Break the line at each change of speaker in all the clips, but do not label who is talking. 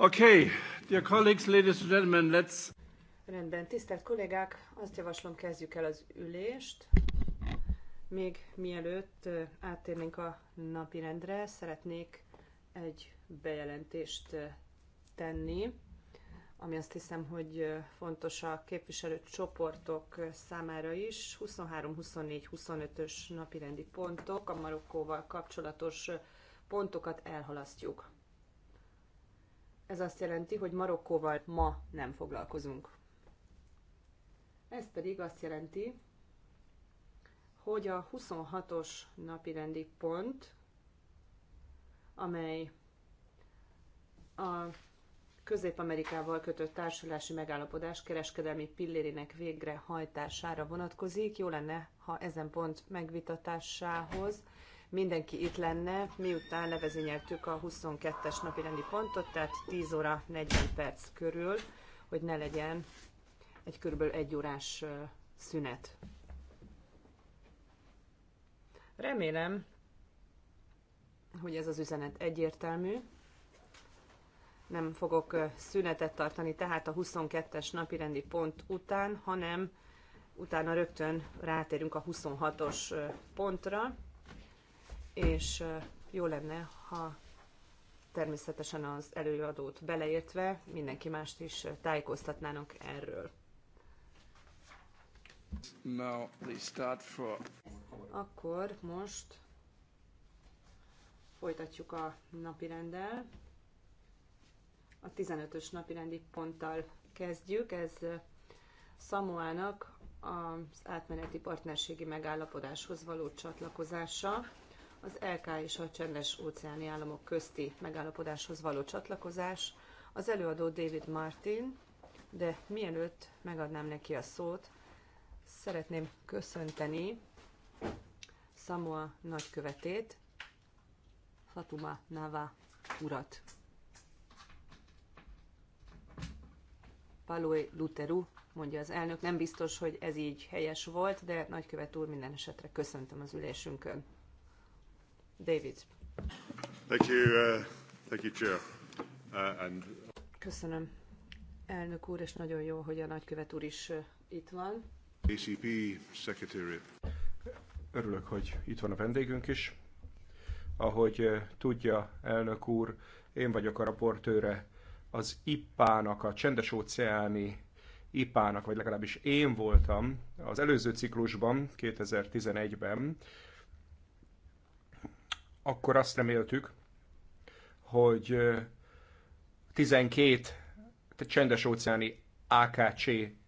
Okay, dear colleagues, ladies and gentlemen, let's...
Rendben, tisztelt kollégák, azt javaslom, kezdjük el az ülést. Még mielőtt áttérnénk a napi rendre, szeretnék egy bejelentést tenni, ami azt hiszem, hogy fontos a képviselő csoportok számára is. 23, 24, 25-ös napirendi pontok, a Marokkóval kapcsolatos pontokat elhalasztjuk. Ez azt jelenti, hogy Marokkóval ma nem foglalkozunk. Ez pedig azt jelenti, hogy a 26-os napi rendi pont, amely a Közép-Amerikával kötött társulási megállapodás kereskedelmi pillérének végrehajtására vonatkozik. Jó lenne, ha ezen pont megvitatásához mindenki itt lenne, miután levezényeltük a 22-es napi rendi pontot, tehát 10 óra 40 perc körül, hogy ne legyen egy kb. egy órás szünet. Remélem, hogy ez az üzenet egyértelmű. Nem fogok szünetet tartani tehát a 22-es napirendi pont után, hanem utána rögtön rátérünk a 26-os pontra, és jó lenne, ha természetesen az előadót beleértve mindenki mást is tájékoztatnának erről.
Now we start for...
Akkor most folytatjuk a napirenddel. A 15-ös napirendi ponttal kezdjük. Ez Samoának az átmeneti partnerségi megállapodáshoz való csatlakozása az LK és a csendes óceáni államok közti megállapodáshoz való csatlakozás. Az előadó David Martin, de mielőtt megadnám neki a szót, szeretném köszönteni Samoa nagykövetét, Fatuma Nava urat. Paloe Luteru, mondja az elnök. Nem biztos, hogy ez így helyes volt, de nagykövet úr minden esetre köszöntöm az ülésünkön. David.
Thank you, uh, thank you, Chair. Uh, and...
Köszönöm, elnök úr, és nagyon jó, hogy a nagykövet úr is uh, itt van.
ACP Secretary. Örülök, hogy itt van a vendégünk is. Ahogy uh, tudja, elnök úr, én vagyok a raportőre az IPA-nak, a csendes-óceáni IPA-nak, vagy legalábbis én voltam az előző ciklusban, 2011-ben, akkor azt reméltük, hogy 12 csendes óceáni AKC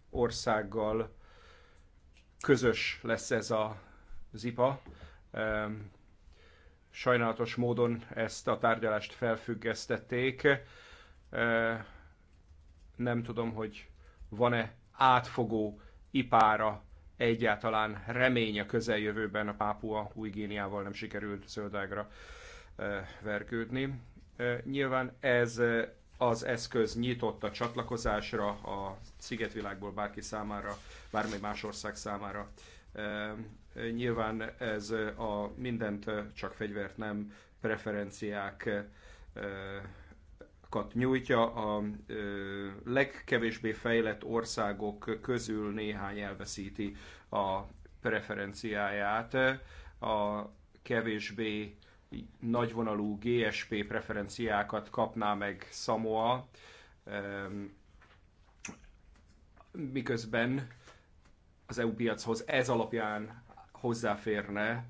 országgal közös lesz ez a zipa. Sajnálatos módon ezt a tárgyalást felfüggesztették. Nem tudom, hogy van-e átfogó ipára egyáltalán remény a közeljövőben a Pápua új géniával nem sikerült zöldágra vergődni. Nyilván ez az eszköz nyitott a csatlakozásra a szigetvilágból bárki számára, bármely más ország számára. Nyilván ez a mindent, csak fegyvert nem, preferenciák támogatásokat nyújtja a legkevésbé fejlett országok közül néhány elveszíti a preferenciáját. A kevésbé nagyvonalú GSP preferenciákat kapná meg Samoa, miközben az EU piachoz ez alapján hozzáférne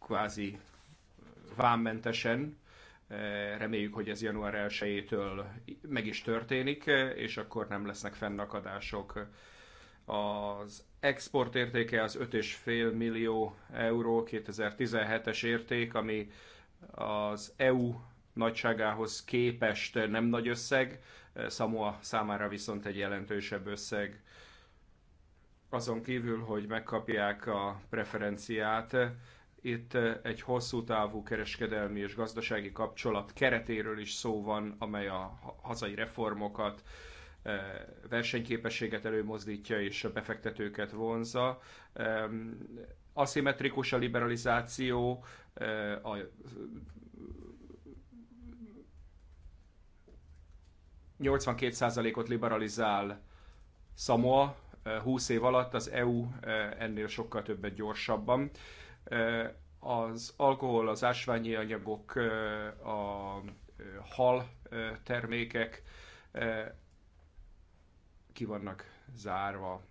kvázi vámmentesen, Eh, reméljük, hogy ez január 1-től meg is történik, eh, és akkor nem lesznek fennakadások. Az export értéke az 5,5 millió euró, 2017-es érték, ami az EU nagyságához képest nem nagy összeg, eh, Samoa számára viszont egy jelentősebb összeg. Azon kívül, hogy megkapják a preferenciát, itt eh, egy hosszú távú kereskedelmi és gazdasági kapcsolat keretéről is szó van, amely a hazai reformokat, eh, versenyképességet előmozdítja és a befektetőket vonza. Aszimmetrikus a liberalizáció, eh, a ...82%-ot liberalizál Samoa 20 év alatt, az EU ennél sokkal többet gyorsabban az alkohol, az ásványi anyagok, a hal termékek ki vannak zárva.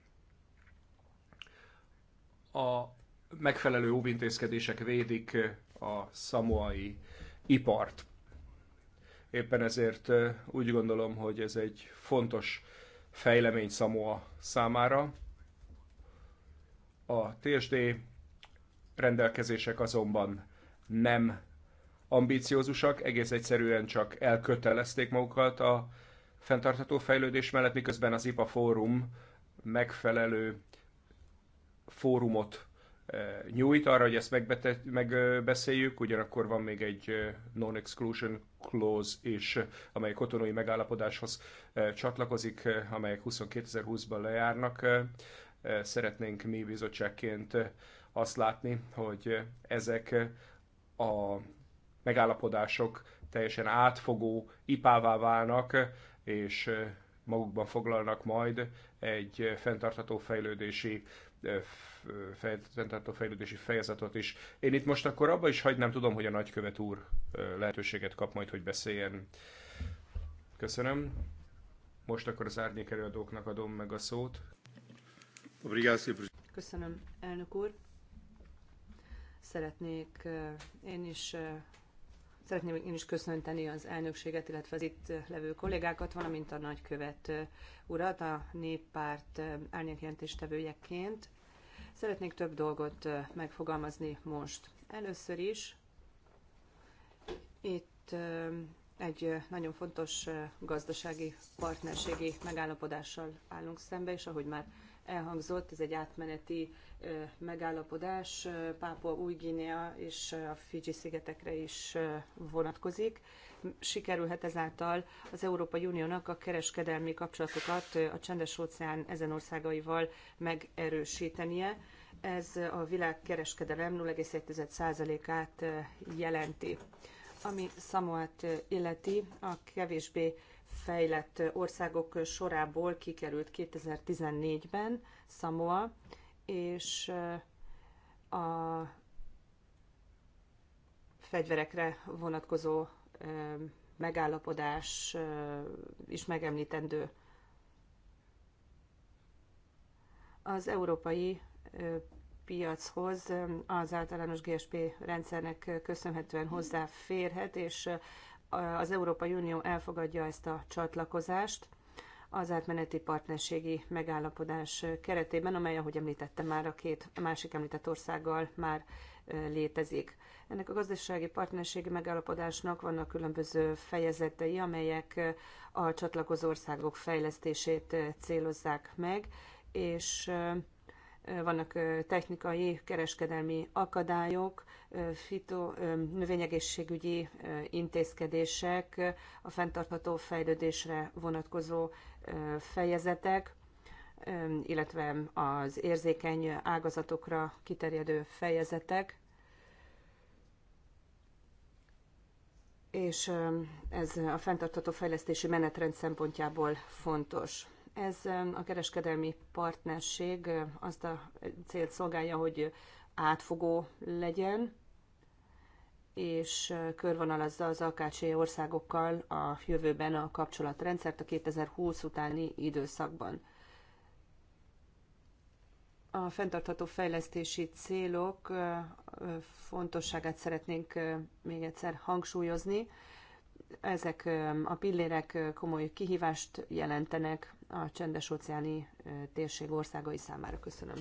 A megfelelő óvintézkedések védik a szamoai ipart. Éppen ezért úgy gondolom, hogy ez egy fontos fejlemény Samoa számára. A TSD rendelkezések azonban nem ambíciózusak, egész egyszerűen csak elkötelezték magukat a fenntartható fejlődés mellett, miközben az IPA fórum megfelelő fórumot eh, nyújt arra, hogy ezt megbeszéljük, ugyanakkor van még egy eh, non-exclusion clause is, amely kotonói megállapodáshoz eh, csatlakozik, amelyek 22020 ban lejárnak. Szeretnénk mi bizottságként azt látni, hogy ezek a megállapodások teljesen átfogó ipává válnak, és magukban foglalnak majd egy fenntartható fejlődési fenntartó fejlődési fejezetet is. Én itt most akkor abba is hagynám, tudom, hogy a nagykövet úr lehetőséget kap majd, hogy beszéljen. Köszönöm. Most akkor az árnyék előadóknak adom meg a szót.
Köszönöm, elnök úr. Szeretnék én is Szeretném én is köszönteni az elnökséget, illetve az itt levő kollégákat, valamint a nagykövet urat, a néppárt árnyékjelentéstevőjeként. Szeretnék több dolgot megfogalmazni most. Először is itt egy nagyon fontos gazdasági partnerségi megállapodással állunk szembe, és ahogy már elhangzott, ez egy átmeneti megállapodás, Pápua Új-Guinea és a Fidzsi-szigetekre is vonatkozik. Sikerülhet ezáltal az Európai Uniónak a kereskedelmi kapcsolatokat a Csendes-óceán ezen országaival megerősítenie. Ez a világ kereskedelem 0,1%-át jelenti. Ami Szamoát illeti, a kevésbé fejlett országok sorából kikerült 2014-ben Samoa, és eh, a fegyverekre vonatkozó eh, megállapodás eh, is megemlítendő. Az európai piachoz az általános GSP rendszernek köszönhetően hozzáférhet, és az Európai Unió elfogadja ezt a csatlakozást az átmeneti partnerségi megállapodás keretében, amely, ahogy említettem már, a két másik említett országgal már létezik. Ennek a gazdasági partnerségi megállapodásnak vannak különböző fejezetei, amelyek a csatlakozó országok fejlesztését célozzák meg, és vannak technikai, kereskedelmi akadályok, fito, növényegészségügyi intézkedések, a fenntartható fejlődésre vonatkozó fejezetek, illetve az érzékeny ágazatokra kiterjedő fejezetek. És ez a fenntartható fejlesztési menetrend szempontjából fontos. Ez a kereskedelmi partnerség azt a célt szolgálja, hogy átfogó legyen, és körvonalazza az AKC országokkal a jövőben a kapcsolatrendszert a 2020 utáni időszakban. A fenntartható fejlesztési célok fontosságát szeretnénk még egyszer hangsúlyozni, ezek a pillérek komoly kihívást jelentenek a csendes óceáni térség országai számára. Köszönöm.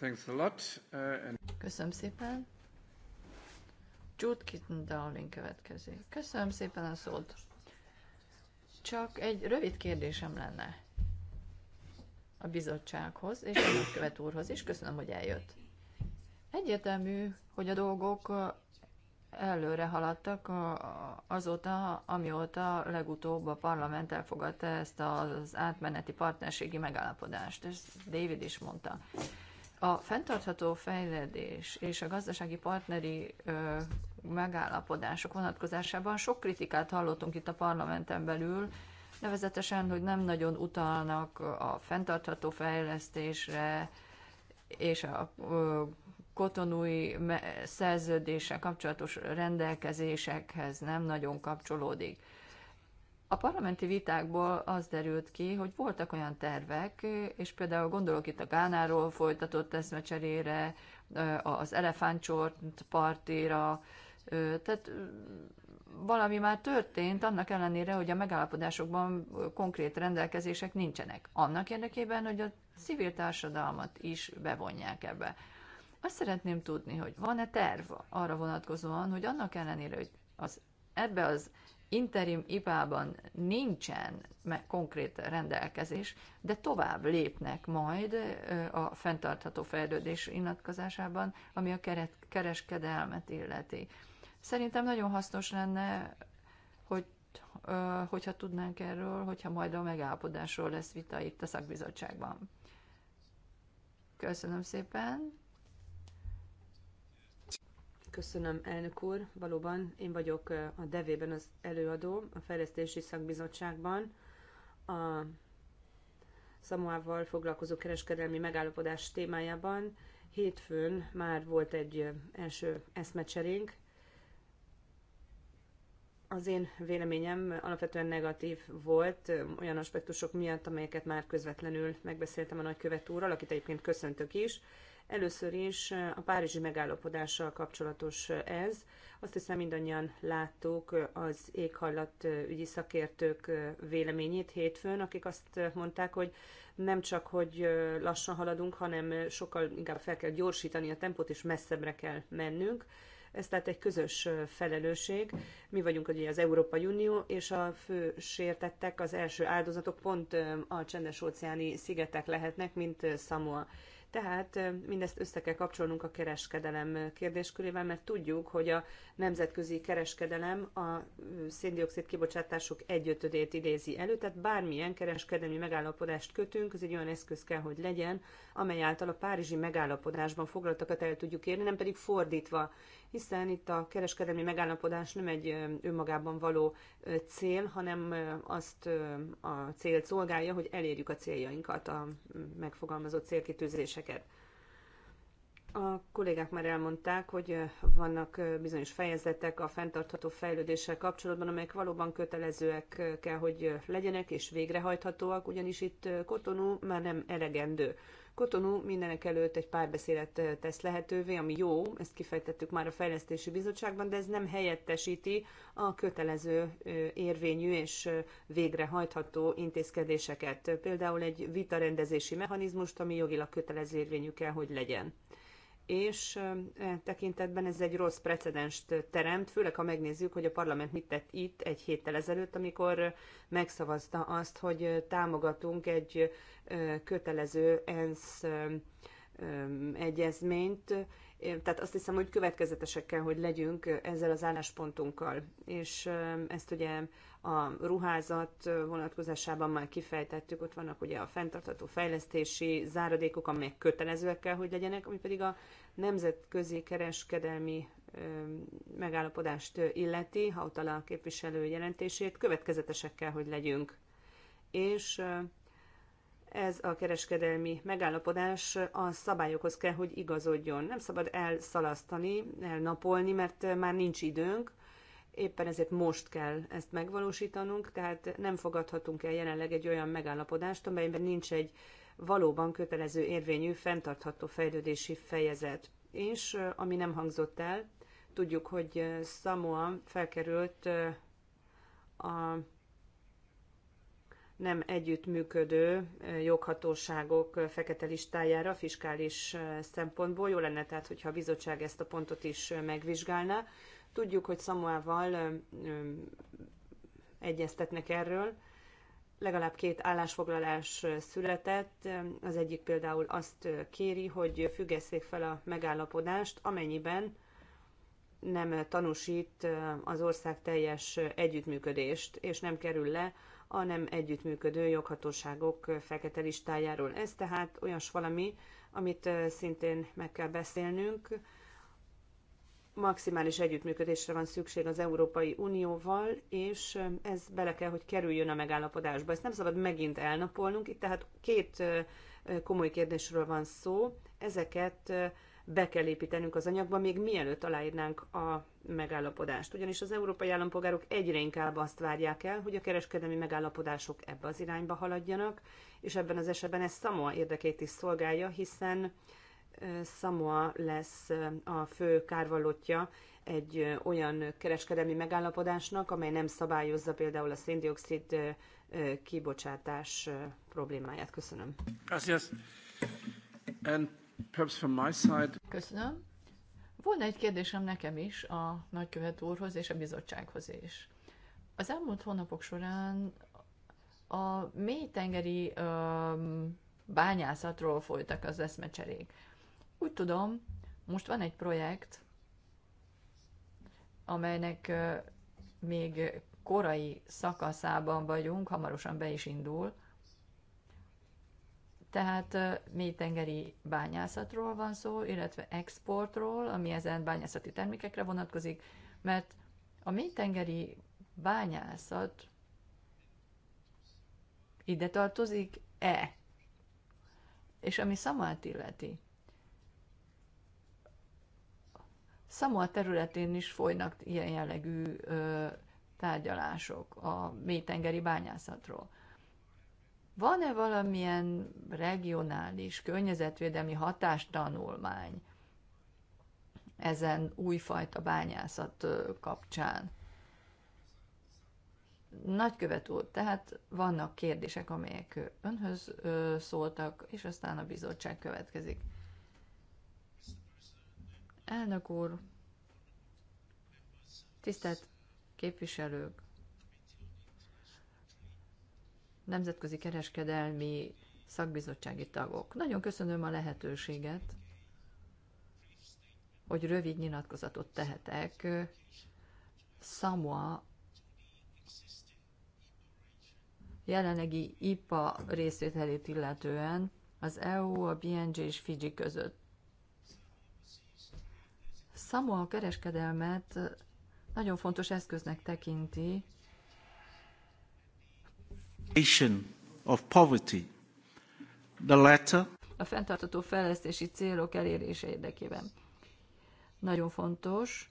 Uh,
Köszönöm szépen. Jude Kitten Darling következik. Köszönöm szépen a szót. Csak egy rövid kérdésem lenne a bizottsághoz és a követ úrhoz is. Köszönöm, hogy eljött. Egyértelmű, hogy a dolgok előre haladtak azóta, amióta legutóbb a parlament elfogadta ezt az átmeneti partnerségi megállapodást. Ezt David is mondta. A fenntartható fejlődés és a gazdasági partneri ö, megállapodások vonatkozásában sok kritikát hallottunk itt a parlamenten belül, nevezetesen, hogy nem nagyon utalnak a fenntartható fejlesztésre és a ö, kotonui szerződéssel kapcsolatos rendelkezésekhez nem nagyon kapcsolódik. A parlamenti vitákból az derült ki, hogy voltak olyan tervek, és például gondolok itt a Gánáról folytatott eszmecserére, az elefántcsort partira, tehát valami már történt, annak ellenére, hogy a megállapodásokban konkrét rendelkezések nincsenek. Annak érdekében, hogy a civil társadalmat is bevonják ebbe. Azt szeretném tudni, hogy van-e terv arra vonatkozóan, hogy annak ellenére, hogy az, ebbe az interim ipában nincsen konkrét rendelkezés, de tovább lépnek majd a fenntartható fejlődés inatkozásában, ami a keret, kereskedelmet illeti. Szerintem nagyon hasznos lenne, hogy, hogyha tudnánk erről, hogyha majd a megállapodásról lesz vita itt a szakbizottságban. Köszönöm szépen! Köszönöm, elnök úr. Valóban én
vagyok a devében az előadó, a Fejlesztési Szakbizottságban. A Szamoával foglalkozó kereskedelmi megállapodás témájában. Hétfőn már volt egy első eszmecserénk. Az én véleményem alapvetően negatív volt olyan aspektusok miatt, amelyeket már közvetlenül megbeszéltem a nagykövet úrral, akit egyébként köszöntök is, Először is eh, a Párizsi megállapodással kapcsolatos eh, ez. Azt hiszem mindannyian láttuk eh, az ügyi szakértők véleményét hétfőn, akik azt mondták, hogy nem csak, hogy lassan haladunk, hanem sokkal inkább fel kell gyorsítani a tempót, és messzebbre kell mennünk. Ez tehát egy közös felelősség. Mi vagyunk ugye az Európai Unió, és a fő sértettek, az első áldozatok pont a csendes óceáni szigetek lehetnek, mint Samoa. Tehát mindezt össze kell kapcsolnunk a kereskedelem kérdéskörével, mert tudjuk, hogy a nemzetközi kereskedelem a széndiokszid kibocsátások egyötödét idézi elő, tehát bármilyen kereskedelmi megállapodást kötünk, ez egy olyan eszköz kell, hogy legyen, amely által a párizsi megállapodásban foglaltakat el tudjuk érni, nem pedig fordítva hiszen itt a kereskedelmi megállapodás nem egy önmagában való cél, hanem azt a célt szolgálja, hogy elérjük a céljainkat, a megfogalmazott célkitűzéseket. A kollégák már elmondták, hogy vannak bizonyos fejezetek a fenntartható fejlődéssel kapcsolatban, amelyek valóban kötelezőek kell, hogy legyenek és végrehajthatóak, ugyanis itt Kotonú már nem elegendő. Kotonú mindenek előtt egy párbeszédet eh, tesz lehetővé, ami jó, ezt kifejtettük már a Fejlesztési Bizottságban, de ez nem helyettesíti a kötelező eh, érvényű és eh, végrehajtható intézkedéseket. Például egy vitarendezési mechanizmust, ami jogilag kötelező érvényű kell, hogy legyen és e tekintetben ez egy rossz precedenst teremt, főleg ha megnézzük, hogy a parlament mit tett itt egy héttel ezelőtt, amikor megszavazta azt, hogy támogatunk egy kötelező ENSZ egyezményt, tehát azt hiszem, hogy következetesek kell, hogy legyünk ezzel az álláspontunkkal. És ezt ugye a ruházat vonatkozásában már kifejtettük, ott vannak ugye a fenntartható fejlesztési záradékok, amelyek kötelezőek kell, hogy legyenek, ami pedig a nemzetközi kereskedelmi megállapodást illeti, a képviselő jelentését, következetesek kell, hogy legyünk. És ez a kereskedelmi megállapodás a szabályokhoz kell, hogy igazodjon. Nem szabad elszalasztani, elnapolni, mert már nincs időnk, éppen ezért most kell ezt megvalósítanunk, tehát nem fogadhatunk el jelenleg egy olyan megállapodást, amelyben nincs egy valóban kötelező érvényű, fenntartható fejlődési fejezet. És ami nem hangzott el, tudjuk, hogy Samoa felkerült a nem együttműködő eh, joghatóságok eh, fekete listájára fiskális eh, szempontból. Jó lenne tehát, hogyha a bizottság ezt a pontot is megvizsgálná. Tudjuk, hogy Szamoával egyeztetnek erről. Legalább két állásfoglalás született. Az egyik például azt kéri, hogy függesszék fel a megállapodást, amennyiben nem tanúsít az ország teljes együttműködést, és nem kerül le a nem együttműködő joghatóságok fekete listájáról. Ez tehát olyas valami, amit szintén meg kell beszélnünk. Maximális együttműködésre van szükség az Európai Unióval, és ez bele kell, hogy kerüljön a megállapodásba. Ezt nem szabad megint elnapolnunk. Itt tehát két komoly kérdésről van szó. Ezeket be kell építenünk az anyagba, még mielőtt aláírnánk a megállapodást. Ugyanis az európai állampolgárok egyre inkább azt várják el, hogy a kereskedelmi megállapodások ebbe az irányba haladjanak, és ebben az esetben ez Samoa érdekét is szolgálja, hiszen Samoa lesz a fő kárvalótja egy olyan kereskedelmi megállapodásnak, amely nem szabályozza például a széndiokszid kibocsátás problémáját. Köszönöm.
Gracias. And
Köszönöm. Volna egy kérdésem nekem is a nagykövet úrhoz és a bizottsághoz is. Az elmúlt hónapok során a mélytengeri bányászatról folytak az eszmecserék. Úgy tudom, most van egy projekt, amelynek még korai szakaszában vagyunk, hamarosan be is indul – tehát mélytengeri bányászatról van szó, illetve exportról, ami ezen bányászati termékekre vonatkozik, mert a mélytengeri bányászat ide tartozik-e? És ami Szamát illeti, Szamoa területén is folynak ilyen jellegű ö, tárgyalások a mélytengeri bányászatról. Van-e valamilyen regionális környezetvédelmi hatástanulmány ezen újfajta bányászat kapcsán? Nagykövet úr, tehát vannak kérdések, amelyek önhöz szóltak, és aztán a bizottság következik. Elnök úr, tisztelt képviselők, nemzetközi kereskedelmi szakbizottsági tagok. Nagyon köszönöm a lehetőséget, hogy rövid nyilatkozatot tehetek Samoa jelenlegi IPA részvételét illetően az EU, a BNG és Fiji között. Samoa kereskedelmet nagyon fontos eszköznek tekinti
of poverty. The latter
a fenntartató fejlesztési célok elérése érdekében. Nagyon fontos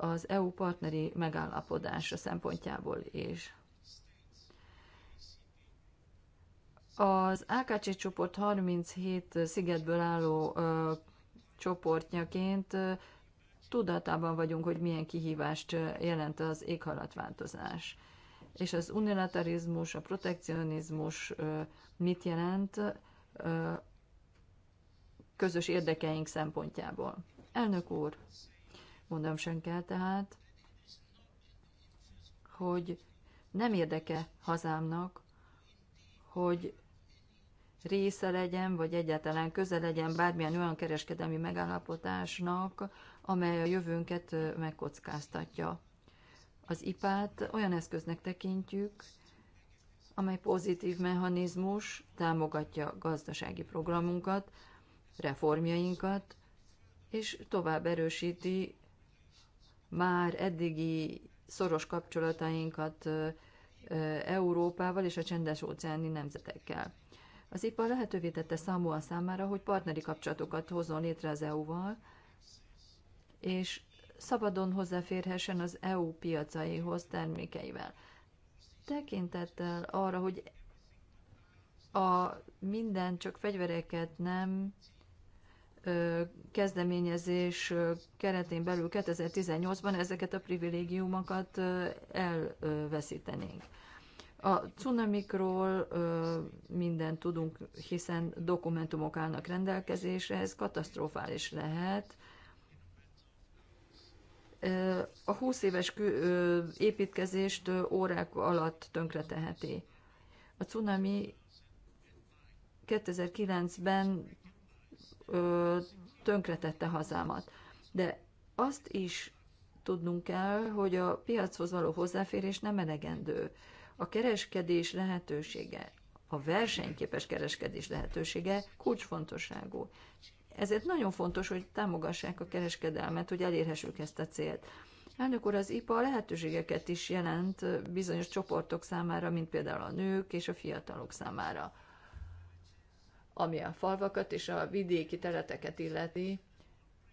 az EU partneri megállapodása szempontjából is. Az AKC csoport 37 szigetből álló ö, csoportnyaként tudatában vagyunk, hogy milyen kihívást jelent az éghajlatváltozás és az unilaterizmus, a protekcionizmus mit jelent közös érdekeink szempontjából. Elnök úr, mondom sem kell tehát, hogy nem érdeke hazámnak, hogy része legyen, vagy egyáltalán köze legyen bármilyen olyan kereskedelmi megállapotásnak, amely a jövőnket megkockáztatja. Az IPÁT olyan eszköznek tekintjük, amely pozitív mechanizmus támogatja gazdasági programunkat, reformjainkat, és tovább erősíti már eddigi szoros kapcsolatainkat Európával és a csendes óceáni nemzetekkel. Az IPA lehetővé tette Samoa számára, hogy partneri kapcsolatokat hozzon létre az EU-val, és szabadon hozzáférhessen az EU piacaihoz termékeivel. Tekintettel arra, hogy a minden csak fegyvereket nem kezdeményezés keretén belül 2018-ban ezeket a privilégiumokat elveszítenénk. A cunamikról mindent tudunk, hiszen dokumentumok állnak rendelkezésre, ez katasztrofális lehet, a 20 éves építkezést órák alatt tönkreteheti. A cunami 2009-ben tönkretette hazámat. De azt is tudnunk kell, hogy a piachoz való hozzáférés nem elegendő. A kereskedés lehetősége, a versenyképes kereskedés lehetősége kulcsfontosságú. Ezért nagyon fontos, hogy támogassák a kereskedelmet, hogy elérhessük ezt a célt. Elnök úr, az IPA lehetőségeket is jelent bizonyos csoportok számára, mint például a nők és a fiatalok számára. Ami a falvakat és a vidéki területeket illeti,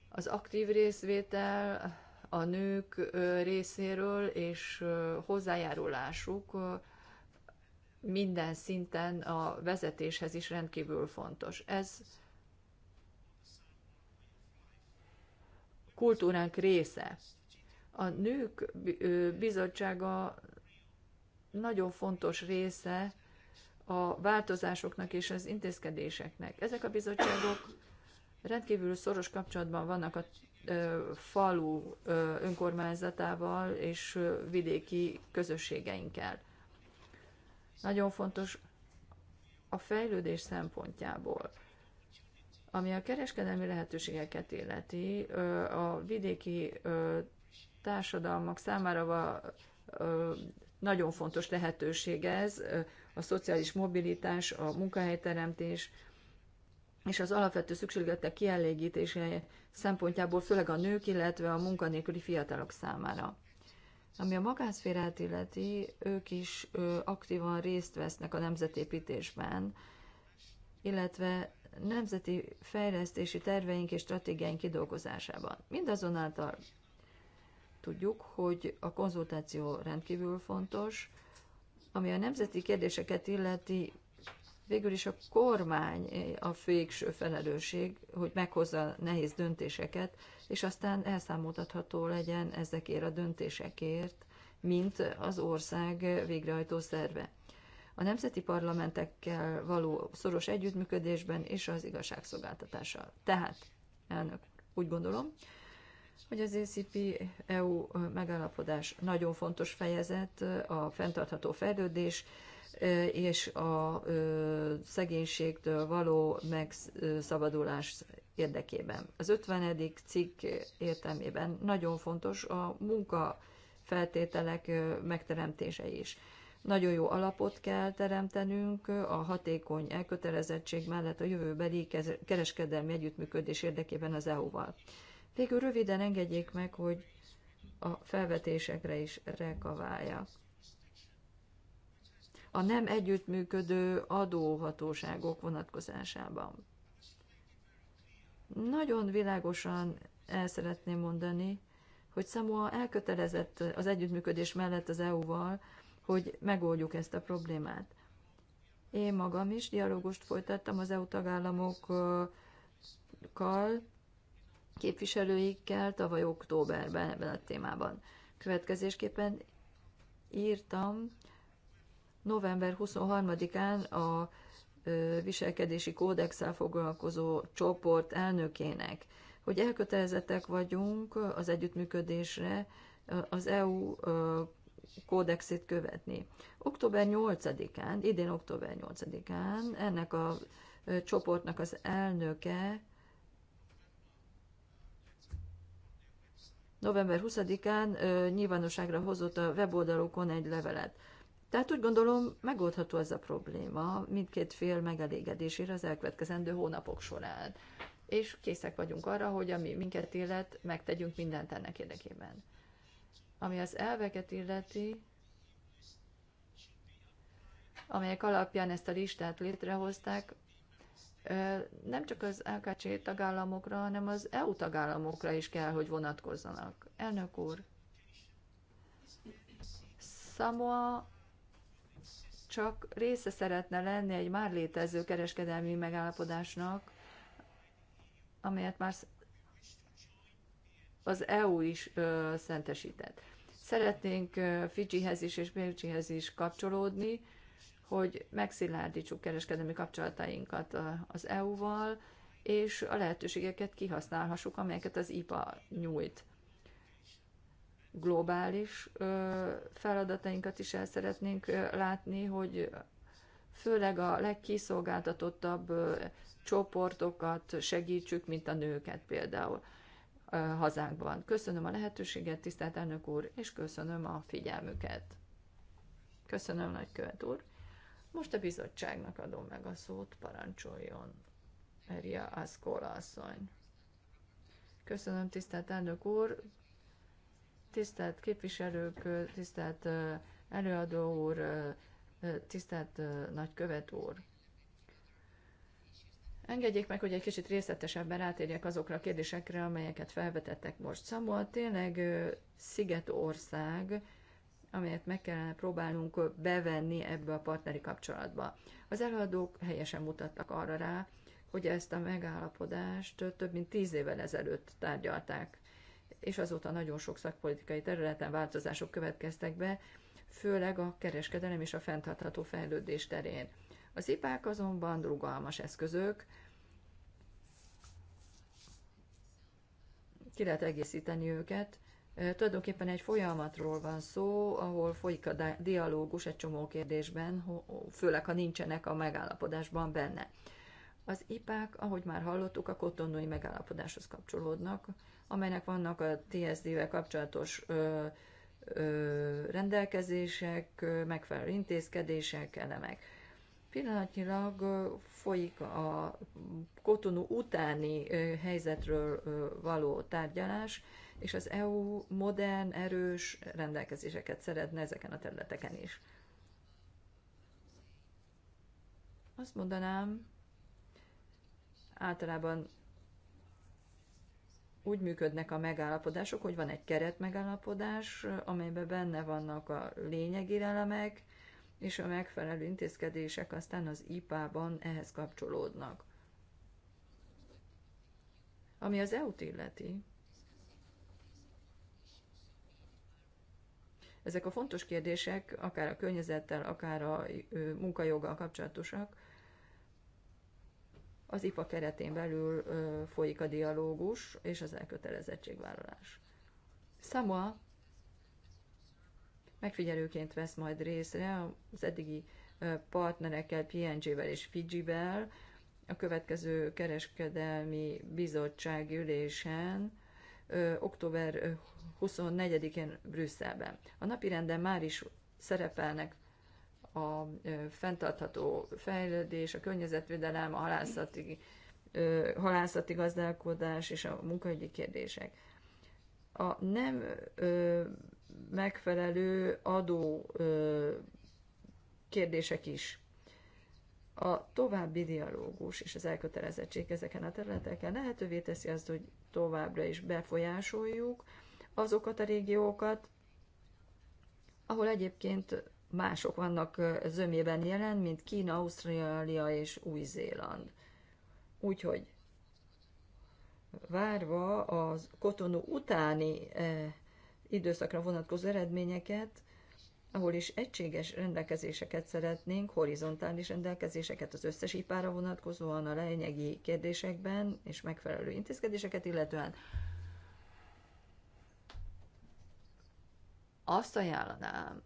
az aktív részvétel a nők részéről és hozzájárulásuk minden szinten a vezetéshez is rendkívül fontos. Ez kultúránk része. A nők bizottsága nagyon fontos része a változásoknak és az intézkedéseknek. Ezek a bizottságok rendkívül szoros kapcsolatban vannak a falu önkormányzatával és vidéki közösségeinkkel. Nagyon fontos a fejlődés szempontjából. Ami a kereskedelmi lehetőségeket illeti, a vidéki társadalmak számára nagyon fontos lehetőség ez, a szociális mobilitás, a munkahelyteremtés, és az alapvető szükségletek kielégítése szempontjából főleg a nők, illetve a munkanélküli fiatalok számára. Ami a magánszférát illeti, ők is aktívan részt vesznek a nemzetépítésben, illetve nemzeti fejlesztési terveink és stratégiáink kidolgozásában. Mindazonáltal tudjuk, hogy a konzultáció rendkívül fontos, ami a nemzeti kérdéseket illeti, végül is a kormány a végső felelősség, hogy meghozza nehéz döntéseket, és aztán elszámoltatható legyen ezekért a döntésekért, mint az ország végrehajtó szerve a nemzeti parlamentekkel való szoros együttműködésben és az igazságszolgáltatással. Tehát, elnök, úgy gondolom, hogy az ACP-EU megállapodás nagyon fontos fejezet a fenntartható fejlődés e, és a e, szegénységtől való megszabadulás érdekében. Az 50. cikk értelmében nagyon fontos a munka feltételek e, megteremtése is. Nagyon jó alapot kell teremtenünk a hatékony elkötelezettség mellett a jövőbeli kereskedelmi együttműködés érdekében az EU-val. Végül röviden engedjék meg, hogy a felvetésekre is rekaválja. A nem együttműködő adóhatóságok vonatkozásában. Nagyon világosan el szeretném mondani, hogy Samoa elkötelezett az együttműködés mellett az EU-val, hogy megoldjuk ezt a problémát. Én magam is dialógust folytattam az EU tagállamokkal, képviselőikkel tavaly októberben ebben a témában. Következésképpen írtam november 23-án a viselkedési kódexsel foglalkozó csoport elnökének, hogy elkötelezettek vagyunk az együttműködésre az EU kódexét követni. Október 8-án, idén október 8-án ennek a csoportnak az elnöke november 20-án nyilvánosságra hozott a weboldalukon egy levelet. Tehát úgy gondolom, megoldható ez a probléma mindkét fél megelégedésére az elkövetkezendő hónapok során. És készek vagyunk arra, hogy ami minket illet, megtegyünk mindent ennek érdekében. Ami az elveket illeti, amelyek alapján ezt a listát létrehozták, nem csak az LKC tagállamokra, hanem az EU tagállamokra is kell, hogy vonatkozzanak. Elnök úr, Samoa csak része szeretne lenni egy már létező kereskedelmi megállapodásnak, amelyet már az EU is ö, szentesített. Szeretnénk Fidzsihez is és Bécsihez is kapcsolódni, hogy megszilárdítsuk kereskedelmi kapcsolatainkat az EU-val, és a lehetőségeket kihasználhassuk, amelyeket az IPA nyújt. Globális ö, feladatainkat is el szeretnénk ö, látni, hogy főleg a legkiszolgáltatottabb ö, csoportokat segítsük, mint a nőket például hazánkban. Köszönöm a lehetőséget, tisztelt elnök úr, és köszönöm a figyelmüket. Köszönöm, nagykövet úr. Most a bizottságnak adom meg a szót, parancsoljon. Eria Aszkola asszony. Köszönöm, tisztelt elnök úr, tisztelt képviselők, tisztelt előadó úr, tisztelt nagykövet úr. Engedjék meg, hogy egy kicsit részletesebben rátérjek azokra a kérdésekre, amelyeket felvetettek most. Szamol tényleg szigetország, amelyet meg kellene próbálnunk bevenni ebbe a partneri kapcsolatba. Az előadók helyesen mutattak arra rá, hogy ezt a megállapodást több mint tíz évvel ezelőtt tárgyalták, és azóta nagyon sok szakpolitikai területen változások következtek be, főleg a kereskedelem és a fenntartható fejlődés terén. Az ipák azonban rugalmas eszközök, ki lehet egészíteni őket. Tulajdonképpen egy folyamatról van szó, ahol folyik a dialógus egy csomó kérdésben, főleg ha nincsenek a megállapodásban benne. Az ipák, ahogy már hallottuk, a kotonói megállapodáshoz kapcsolódnak, amelynek vannak a TSD-vel kapcsolatos ö, ö, rendelkezések, megfelelő intézkedések, elemek. Pillanatnyilag folyik a kotonú utáni helyzetről való tárgyalás, és az EU modern, erős rendelkezéseket szeretne ezeken a területeken is. Azt mondanám, általában úgy működnek a megállapodások, hogy van egy keretmegállapodás, amelyben benne vannak a lényegi elemek, és a megfelelő intézkedések aztán az IPA-ban ehhez kapcsolódnak. Ami az EU-t illeti, ezek a fontos kérdések, akár a környezettel, akár a munkajoggal kapcsolatosak, az IPA keretén belül folyik a dialógus és az elkötelezettségvállalás. Samoa megfigyelőként vesz majd részre az eddigi partnerekkel, PNG-vel és Fidzsivel a következő kereskedelmi bizottság ülésen október 24-én Brüsszelben. A napirenden már is szerepelnek a fenntartható fejlődés, a környezetvédelem, a halászati, halászati gazdálkodás és a munkahogyi kérdések. A nem megfelelő adó kérdések is. A további dialógus és az elkötelezettség ezeken a területeken lehetővé teszi azt, hogy továbbra is befolyásoljuk azokat a régiókat, ahol egyébként mások vannak zömében jelen, mint Kína, Ausztrália és Új-Zéland. Úgyhogy várva az kotonú utáni időszakra vonatkozó eredményeket, ahol is egységes rendelkezéseket szeretnénk, horizontális rendelkezéseket az összes ipára vonatkozóan a lényegi kérdésekben, és megfelelő intézkedéseket illetően. Azt ajánlanám,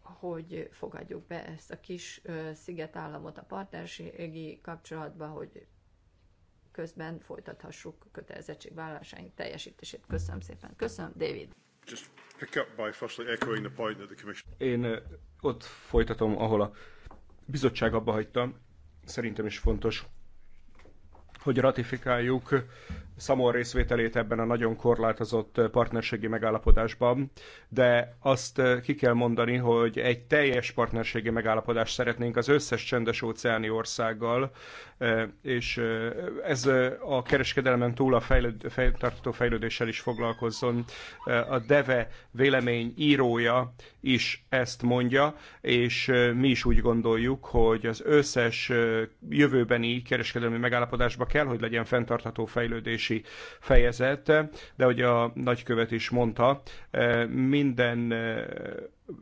hogy fogadjuk be ezt a kis szigetállamot a partnerségi kapcsolatba, hogy közben folytathassuk kötelezettségvállalásaink teljesítését. Köszönöm szépen. Köszönöm, David.
Én ott folytatom, ahol a bizottság abba hagyta. Szerintem is fontos, hogy ratifikáljuk Szamor részvételét ebben a nagyon korlátozott partnerségi megállapodásban, de azt ki kell mondani, hogy egy teljes partnerségi megállapodást szeretnénk az összes csendes óceáni országgal, és ez a kereskedelmen túl a fejlőd, tartó fejlődéssel is foglalkozzon. A DEVE vélemény írója is ezt mondja, és mi is úgy gondoljuk, hogy az összes jövőbeni kereskedelmi megállapodásban kell, hogy legyen fenntartható fejlődés fejlesztési fejezet, de hogy a nagykövet is mondta, eh, minden eh,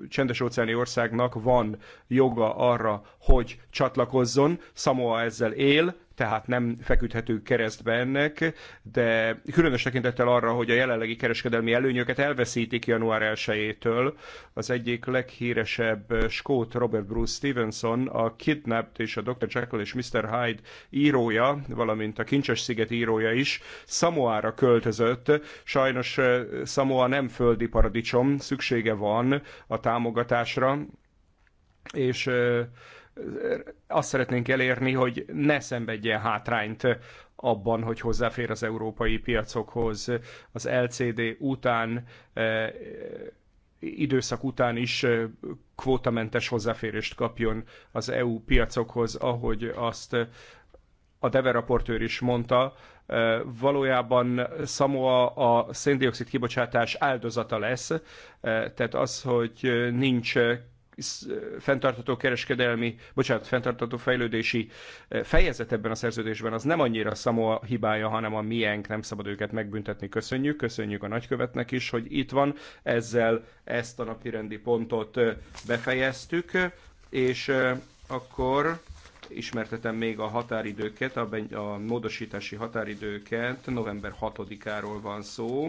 csendes óceáni országnak van joga arra, hogy csatlakozzon. Samoa ezzel él, tehát nem feküdhető keresztbe ennek, de különös tekintettel arra, hogy a jelenlegi kereskedelmi előnyöket elveszítik január 1-től. Az egyik leghíresebb skót Robert Bruce Stevenson, a Kidnapped és a Dr. Jekyll és Mr. Hyde írója, valamint a Kincses sziget írója is Samoára költözött. Sajnos eh, Samoa nem földi paradicsom, szüksége van a támogatásra, és azt szeretnénk elérni, hogy ne szenvedjen hátrányt abban, hogy hozzáfér az európai piacokhoz az LCD után, időszak után is kvótamentes hozzáférést kapjon az EU piacokhoz, ahogy azt a Deve raportőr is mondta, valójában Samoa a széndiokszid kibocsátás áldozata lesz, tehát az, hogy nincs fenntartató kereskedelmi, bocsánat, fenntartató fejlődési fejezet ebben a szerződésben, az nem annyira Samoa hibája, hanem a miénk, nem szabad őket megbüntetni. Köszönjük, köszönjük a nagykövetnek is, hogy itt van. Ezzel ezt a napirendi pontot befejeztük, és akkor ismertetem még a határidőket, a, a módosítási határidőket. November 6-áról van szó.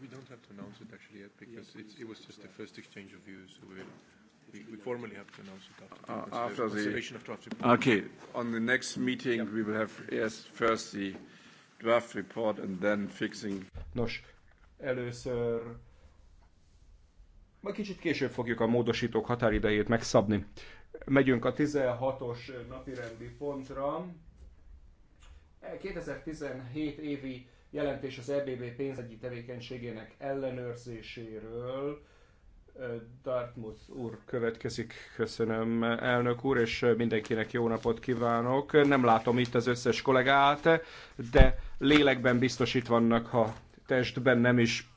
We don't have to announce it actually yet because it's, it was just the first exchange of views. So we, we formally have to announce it after ah, the, uh, of draft report. Okay, on the next meeting yep. we will have yes, first the draft report and then fixing. Nos, először Ma kicsit később fogjuk a módosítók határidejét megszabni. Megyünk a 16-os napirendi pontra. 2017 évi jelentés az EBB pénzügyi tevékenységének ellenőrzéséről. Dartmouth úr következik, köszönöm elnök úr, és mindenkinek jó napot kívánok. Nem látom itt az összes kollégát, de lélekben biztos itt vannak, ha testben nem is.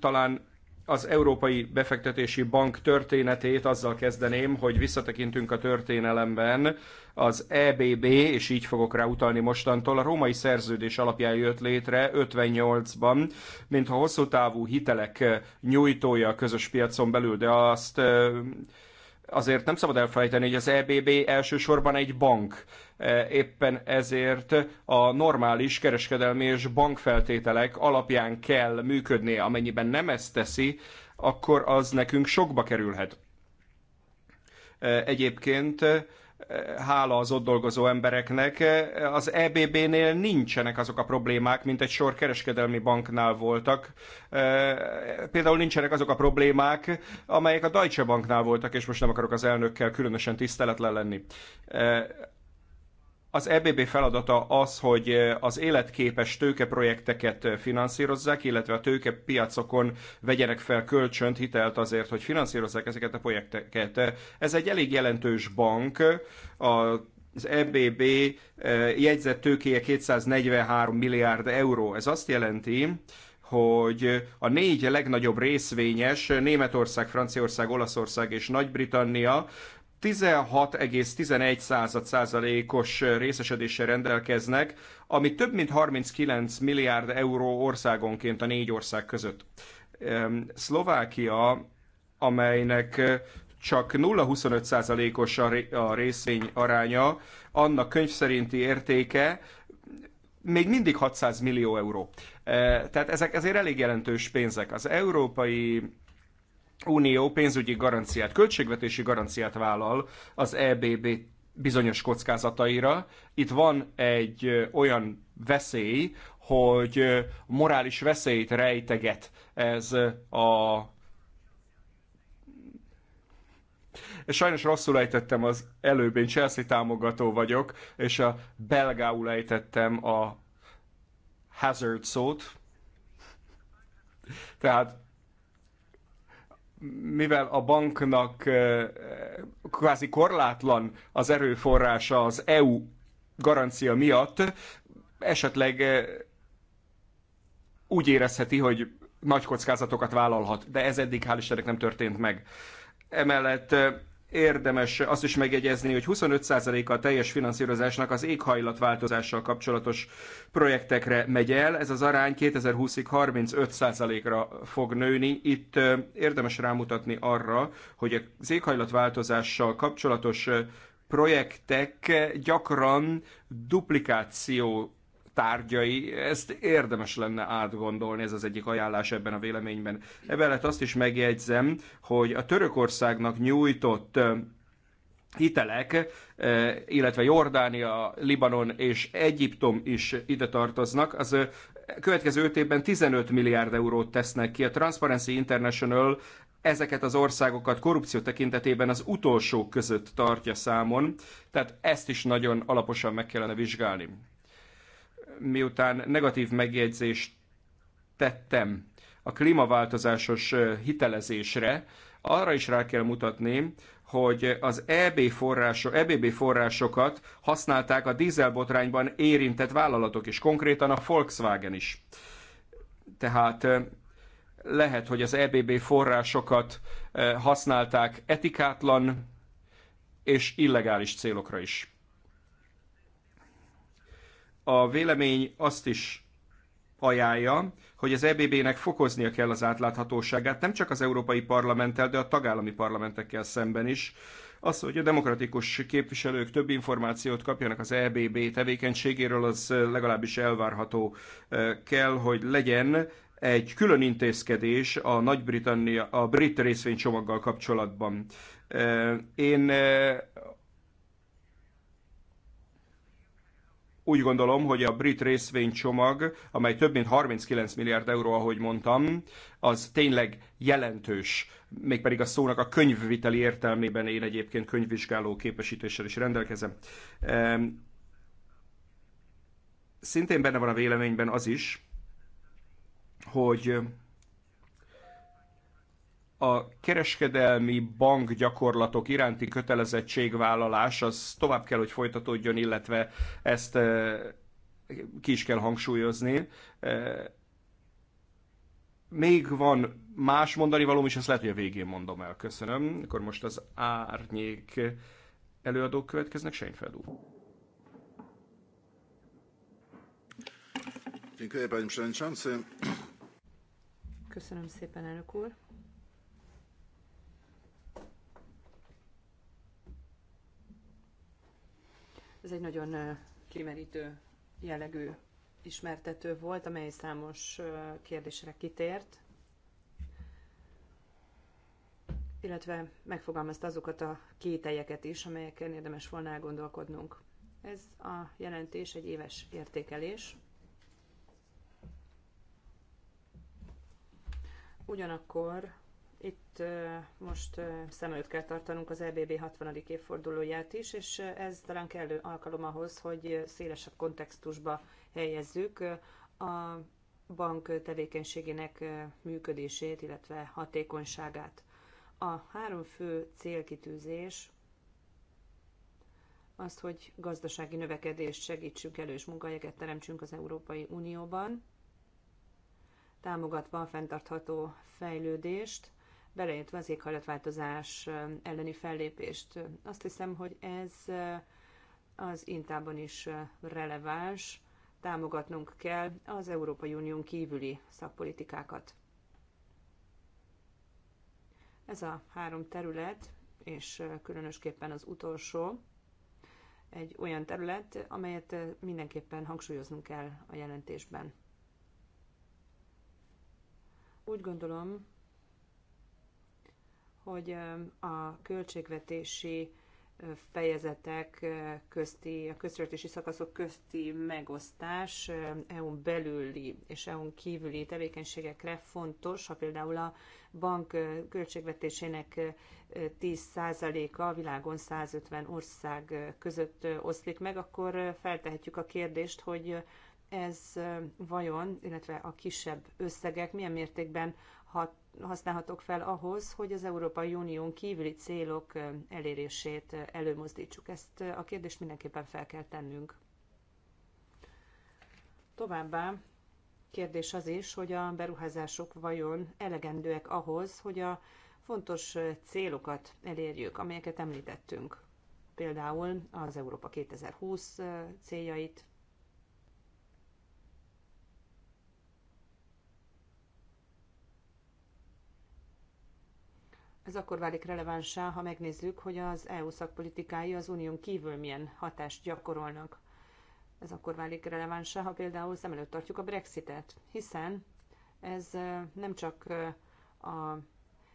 Talán az Európai Befektetési Bank történetét azzal kezdeném, hogy visszatekintünk a történelemben. Az EBB, és így fogok rá utalni mostantól, a római szerződés alapján jött létre 58-ban, mintha hosszú távú hitelek nyújtója a közös piacon belül, de azt azért nem szabad elfelejteni, hogy az EBB elsősorban egy bank éppen ezért a normális kereskedelmi és bankfeltételek alapján kell működnie. Amennyiben nem ezt teszi, akkor az nekünk sokba kerülhet. Egyébként hála az ott dolgozó embereknek, az EBB-nél nincsenek azok a problémák, mint egy sor kereskedelmi banknál voltak. Például nincsenek azok a problémák, amelyek a Deutsche Banknál voltak, és most nem akarok az elnökkel különösen tiszteletlen lenni. Az EBB feladata az, hogy az életképes tőkeprojekteket finanszírozzák, illetve a tőkepiacokon vegyenek fel kölcsönt, hitelt azért, hogy finanszírozzák ezeket a projekteket. Ez egy elég jelentős bank, a az EBB jegyzett tőkéje 243 milliárd euró. Ez azt jelenti, hogy a négy legnagyobb részvényes, Németország, Franciaország, Olaszország és Nagy-Britannia 16,11 százalékos részesedéssel rendelkeznek, ami több mint 39 milliárd euró országonként a négy ország között. Szlovákia, amelynek csak 0,25%-os a részvény aránya, annak könyv szerinti értéke még mindig 600 millió euró. Tehát ezek ezért elég jelentős pénzek. Az Európai Unió pénzügyi garanciát, költségvetési garanciát vállal az EBB bizonyos kockázataira. Itt van egy olyan veszély, hogy morális veszélyt rejteget ez a Sajnos rosszul ejtettem az előbb, én Chelsea támogató vagyok, és a belgául ejtettem a hazard szót. Tehát mivel a banknak kvázi korlátlan az erőforrása az EU garancia miatt, esetleg úgy érezheti, hogy nagy kockázatokat vállalhat, de ez eddig hál' Istennek nem történt meg. Emellett érdemes azt is megjegyezni, hogy 25%-a teljes finanszírozásnak az éghajlatváltozással kapcsolatos projektekre megy el. Ez az arány 2020-ig 35%-ra fog nőni. Itt érdemes rámutatni arra, hogy az éghajlatváltozással kapcsolatos projektek gyakran duplikáció tárgyai. Ezt érdemes lenne átgondolni, ez az egyik ajánlás ebben a véleményben. Emellett azt is megjegyzem, hogy a Törökországnak nyújtott hitelek, illetve Jordánia, Libanon és Egyiptom is ide tartoznak, az következő öt évben 15 milliárd eurót tesznek ki. A Transparency International ezeket az országokat korrupció tekintetében az utolsók között tartja számon, tehát ezt is nagyon alaposan meg kellene vizsgálni miután negatív megjegyzést tettem a klímaváltozásos hitelezésre, arra is rá kell mutatni, hogy az EB források, EBB forrásokat használták a dízelbotrányban érintett vállalatok is, konkrétan a Volkswagen is. Tehát lehet, hogy az EBB forrásokat használták etikátlan és illegális célokra is. A vélemény azt is ajánlja, hogy az EBB-nek fokoznia kell az átláthatóságát, nem csak az Európai Parlamenttel, de a tagállami parlamentekkel szemben is. Az, hogy a demokratikus képviselők több információt kapjanak az EBB tevékenységéről, az legalábbis elvárható kell, hogy legyen egy külön intézkedés a Nagy-Britannia, a brit részvénycsomaggal kapcsolatban. Én Úgy gondolom, hogy a brit részvénycsomag, amely több mint 39 milliárd euró, ahogy mondtam, az tényleg jelentős, mégpedig a szónak a könyvviteli értelmében én egyébként könyvvizsgáló képesítéssel is rendelkezem. Szintén benne van a véleményben az is, hogy a kereskedelmi bank gyakorlatok iránti kötelezettségvállalás az tovább kell, hogy folytatódjon, illetve ezt eh, ki is kell hangsúlyozni. Eh, még van más mondani valóm, és ezt lehet, hogy a végén mondom el. Köszönöm. Akkor most az árnyék előadók következnek. Seinfeld úr. Köszönöm
szépen, elnök úr. Ez egy nagyon kimerítő jellegű ismertető volt, amely számos kérdésre kitért, illetve megfogalmazta azokat a kételyeket is, amelyeken érdemes volna elgondolkodnunk. Ez a jelentés egy éves értékelés. Ugyanakkor itt most szem előtt kell tartanunk az EBB 60. évfordulóját is, és ez talán kellő alkalom ahhoz, hogy szélesebb kontextusba helyezzük a bank tevékenységének működését, illetve hatékonyságát. A három fő célkitűzés az, hogy gazdasági növekedést segítsünk elő, és munkahelyeket teremtsünk az Európai Unióban, támogatva a fenntartható fejlődést, beleértve az éghajlatváltozás elleni fellépést. Azt hiszem, hogy ez az intában is releváns, támogatnunk kell az Európai Unión kívüli szakpolitikákat. Ez a három terület, és különösképpen az utolsó, egy olyan terület, amelyet mindenképpen hangsúlyoznunk kell a jelentésben. Úgy gondolom, hogy a költségvetési fejezetek közti, a köztöltési szakaszok közti megosztás EU-n belüli és EU-n kívüli tevékenységekre fontos, ha például a bank költségvetésének 10%-a világon 150 ország között oszlik meg, akkor feltehetjük a kérdést, hogy ez vajon, illetve a kisebb összegek milyen mértékben hat használhatók fel ahhoz, hogy az Európai Unión kívüli célok elérését előmozdítsuk. Ezt a kérdést mindenképpen fel kell tennünk. Továbbá kérdés az is, hogy a beruházások vajon elegendőek ahhoz, hogy a fontos célokat elérjük, amelyeket említettünk. Például az Európa 2020 céljait, Ez akkor válik relevánsá, ha megnézzük, hogy az EU szakpolitikái az unión kívül milyen hatást gyakorolnak. Ez akkor válik relevánsá, ha például szem előtt tartjuk a Brexitet, hiszen ez nem csak a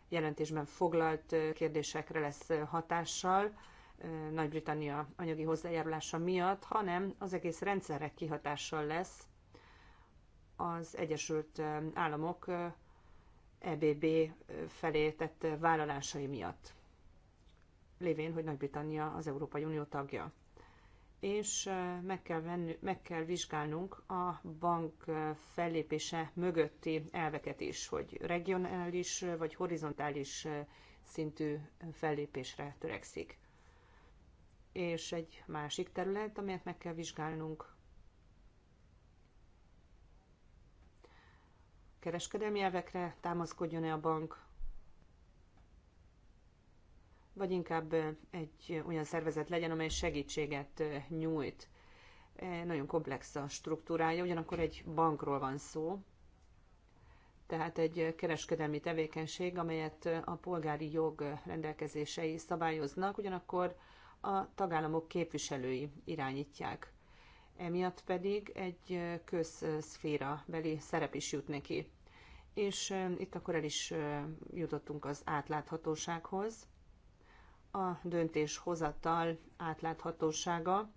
jelentésben foglalt kérdésekre lesz hatással, nagy-Britannia anyagi hozzájárulása miatt, hanem az egész rendszerre kihatással lesz az Egyesült Államok EBB felé tett vállalásai miatt, lévén, hogy Nagy-Britannia az Európai Unió tagja. És meg kell, venni, meg kell vizsgálnunk a bank fellépése mögötti elveket is, hogy regionális vagy horizontális szintű fellépésre törekszik. És egy másik terület, amelyet meg kell vizsgálnunk, kereskedelmi elvekre támaszkodjon-e a bank, vagy inkább egy olyan szervezet legyen, amely segítséget nyújt. E, nagyon komplex a struktúrája, ugyanakkor egy bankról van szó, tehát egy kereskedelmi tevékenység, amelyet a polgári jog rendelkezései szabályoznak, ugyanakkor a tagállamok képviselői irányítják. Emiatt pedig egy közszféra beli szerep is jut neki és itt akkor el is jutottunk az átláthatósághoz. A döntéshozatal átláthatósága,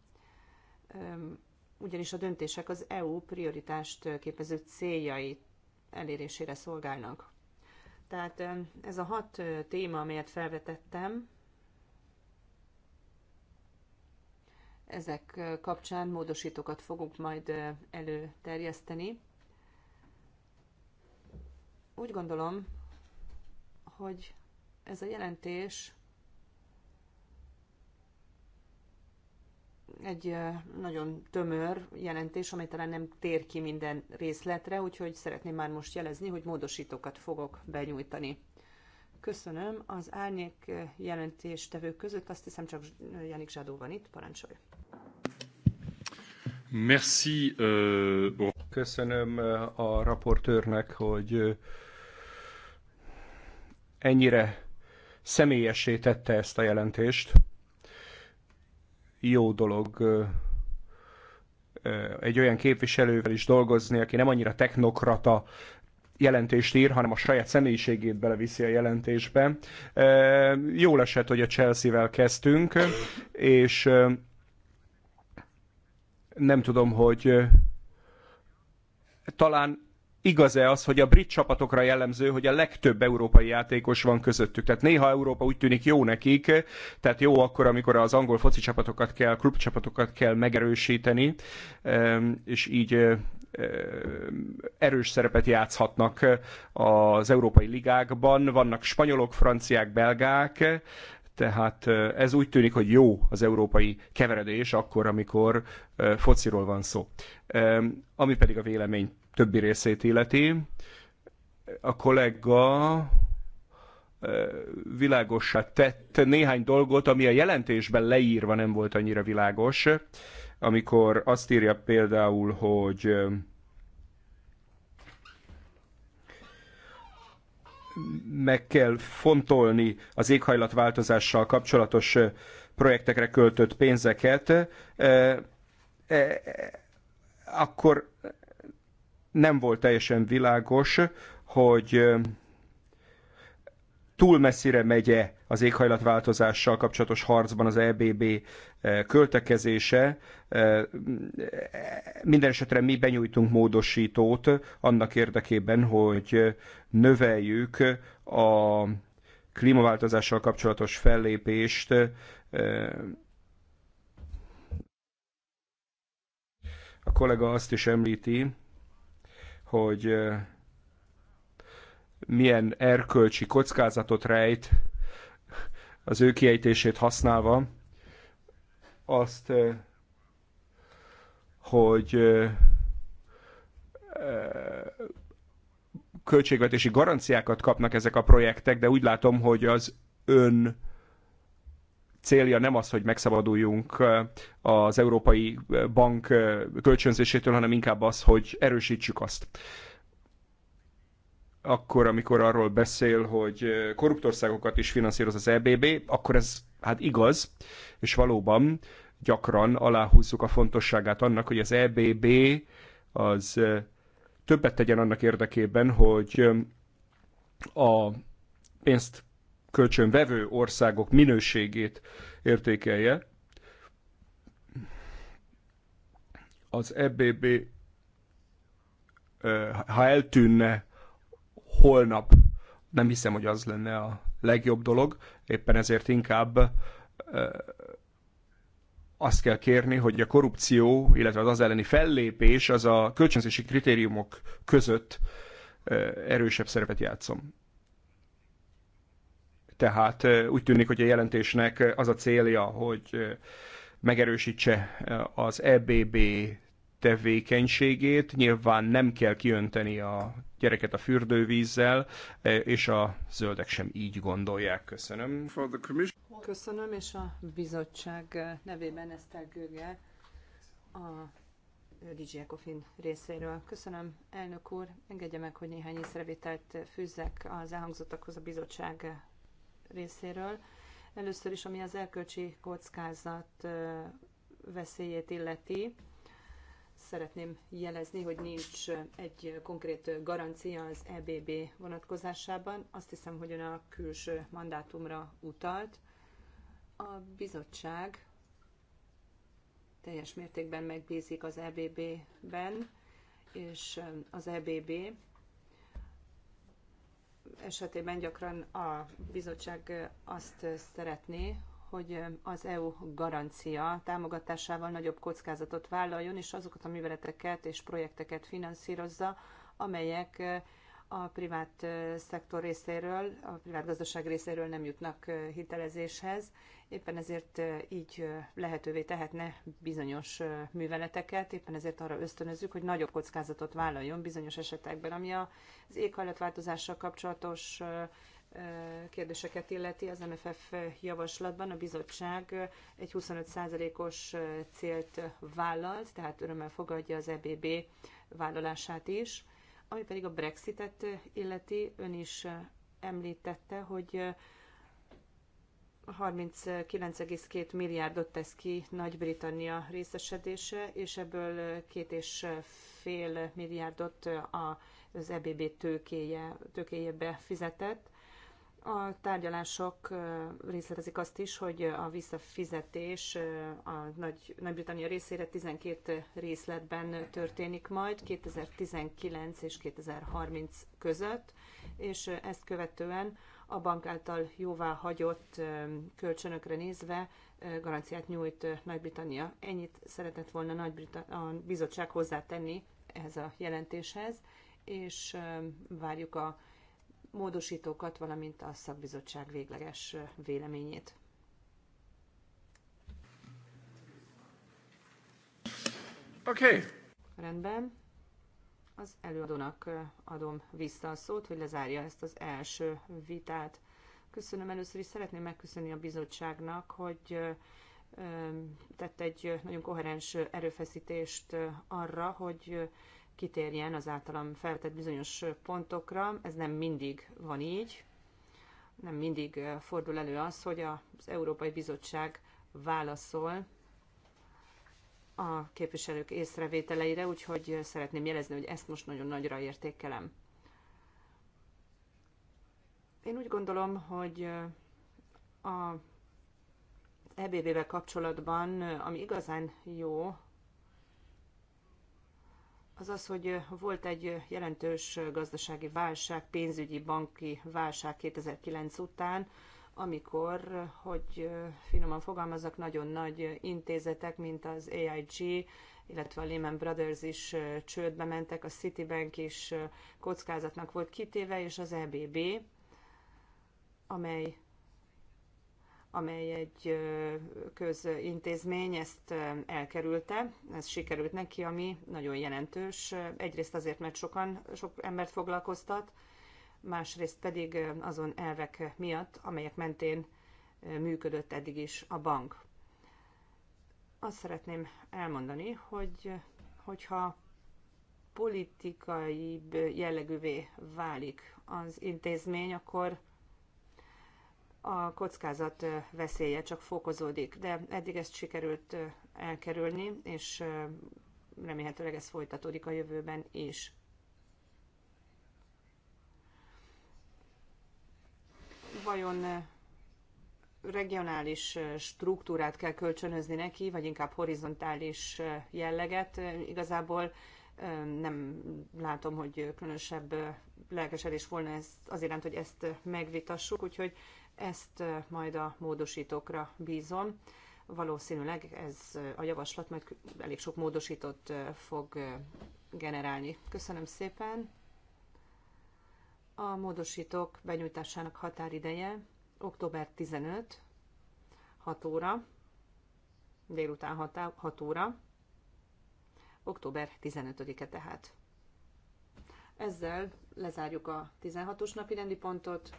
ugyanis a döntések az EU prioritást képező céljai elérésére szolgálnak. Tehát ez a hat téma, amelyet felvetettem, ezek kapcsán módosítókat fogunk majd előterjeszteni úgy gondolom, hogy ez a jelentés egy nagyon tömör jelentés, amely talán nem tér ki minden részletre, úgyhogy szeretném már most jelezni, hogy módosítókat fogok benyújtani. Köszönöm. Az árnyék tevők között azt hiszem csak Janik Zsadó van itt. Parancsolj!
Merci. Uh... Köszönöm a raportőrnek, hogy ennyire személyessé tette ezt a jelentést. Jó dolog egy olyan képviselővel is dolgozni, aki nem annyira technokrata jelentést ír, hanem a saját személyiségét beleviszi a jelentésbe. Jó esett, hogy a Chelsea-vel kezdtünk, és nem tudom, hogy talán igaz-e az, hogy a brit csapatokra jellemző, hogy a legtöbb európai játékos van közöttük. Tehát néha Európa úgy tűnik jó nekik, tehát jó akkor, amikor az angol foci csapatokat kell, klubcsapatokat kell megerősíteni, ehm, és így ehm, erős szerepet játszhatnak eh, az európai ligákban. Vannak spanyolok, franciák, belgák, tehát eh, ez úgy tűnik, hogy jó az európai keveredés akkor, amikor eh, fociról van szó. Ehm, ami pedig a vélemény többi részét illeti. A kollega világossá tett néhány dolgot, ami a jelentésben leírva nem volt annyira világos, amikor azt írja például, hogy meg kell fontolni az éghajlatváltozással kapcsolatos projektekre költött pénzeket, e, e, akkor nem volt teljesen világos, hogy túl messzire megye az éghajlatváltozással kapcsolatos harcban az EBB költekezése. Minden esetre mi benyújtunk módosítót annak érdekében, hogy növeljük a klímaváltozással kapcsolatos fellépést a kollega azt is említi, hogy milyen erkölcsi kockázatot rejt az ő kiejtését használva, azt, hogy költségvetési garanciákat kapnak ezek a projektek, de úgy látom, hogy az ön célja nem az, hogy megszabaduljunk az Európai Bank kölcsönzésétől, hanem inkább az, hogy erősítsük azt. Akkor, amikor arról beszél, hogy korruptországokat is finanszíroz az EBB, akkor ez hát igaz, és valóban gyakran aláhúzzuk a fontosságát annak, hogy az EBB az többet tegyen annak érdekében, hogy a pénzt kölcsönvevő országok minőségét értékelje. Az EBB, ha eltűnne holnap, nem hiszem, hogy az lenne a legjobb dolog, éppen ezért inkább azt kell kérni, hogy a korrupció, illetve az az elleni fellépés az a kölcsönzési kritériumok között erősebb szerepet játszom. Tehát úgy tűnik, hogy a jelentésnek az a célja, hogy megerősítse az EBB tevékenységét. Nyilván nem kell kiönteni a gyereket a fürdővízzel, és a zöldek sem így gondolják. Köszönöm. Köszönöm, és a
bizottság nevében Eszter Göge a DJ Ecofin részéről. Köszönöm, elnök úr. Engedje meg, hogy néhány észrevételt fűzzek az elhangzottakhoz a bizottság részéről. Először is, ami az elkölcsi kockázat veszélyét illeti, szeretném jelezni, hogy nincs egy konkrét garancia az EBB vonatkozásában. Azt hiszem, hogy ön a külső mandátumra utalt. A bizottság teljes mértékben megbízik az EBB-ben, és az EBB esetében gyakran a bizottság azt szeretné, hogy az EU garancia támogatásával nagyobb kockázatot vállaljon, és azokat a műveleteket és projekteket finanszírozza, amelyek a privát szektor részéről, a privát gazdaság részéről nem jutnak hitelezéshez. Éppen ezért így lehetővé tehetne bizonyos műveleteket, éppen ezért arra ösztönözzük, hogy nagyobb kockázatot vállaljon bizonyos esetekben, ami az éghajlatváltozással kapcsolatos kérdéseket illeti, az MFF javaslatban a bizottság egy 25%-os célt vállalt, tehát örömmel fogadja az EBB vállalását is ami pedig a Brexitet illeti, ön is eh, említette, hogy 39,2 eh, milliárdot tesz ki Nagy-Britannia részesedése, és ebből eh, két és fél milliárdot az EBB tőkéje, tőkéjébe fizetett. A tárgyalások részletezik azt is, hogy a visszafizetés a Nagy, Nagy-Britannia részére 12 részletben történik majd 2019 és 2030 között, és ezt követően a bank által jóvá hagyott kölcsönökre nézve garanciát nyújt Nagy-Britannia. Ennyit szeretett volna nagy a bizottság hozzátenni ehhez a jelentéshez, és várjuk a módosítókat, valamint a szakbizottság végleges véleményét. Oké. Okay. Rendben. Az előadónak adom vissza a szót, hogy lezárja ezt az első vitát. Köszönöm először is, szeretném megköszönni a bizottságnak, hogy tett egy nagyon koherens erőfeszítést arra, hogy kitérjen az általam feltett bizonyos pontokra. Ez nem mindig van így, nem mindig fordul elő az, hogy az Európai Bizottság válaszol a képviselők észrevételeire, úgyhogy szeretném jelezni, hogy ezt most nagyon nagyra értékelem. Én úgy gondolom, hogy a EBB-vel kapcsolatban, ami igazán jó, az az, hogy volt egy jelentős gazdasági válság, pénzügyi banki válság 2009 után, amikor, hogy finoman fogalmazok, nagyon nagy intézetek, mint az AIG, illetve a Lehman Brothers is csődbe mentek, a Citibank is kockázatnak volt kitéve, és az EBB, amely amely egy közintézmény ezt elkerülte, ez sikerült neki, ami nagyon jelentős. Egyrészt azért, mert sokan, sok embert foglalkoztat, másrészt pedig azon elvek miatt, amelyek mentén működött eddig is a bank. Azt szeretném elmondani, hogy hogyha politikai jellegűvé válik az intézmény, akkor a kockázat veszélye csak fokozódik, de eddig ezt sikerült elkerülni, és remélhetőleg ez folytatódik a jövőben is. Vajon regionális struktúrát kell kölcsönözni neki, vagy inkább horizontális jelleget? Igazából nem látom, hogy különösebb lelkesedés volna ez, az iránt, hogy ezt megvitassuk, úgyhogy ezt majd a módosítókra bízom. Valószínűleg ez a javaslat majd elég sok módosított fog generálni. Köszönöm szépen. A módosítók benyújtásának határideje október 15, 6 óra, délután 6 óra, október 15-e tehát. Ezzel lezárjuk a 16-os napi rendi pontot,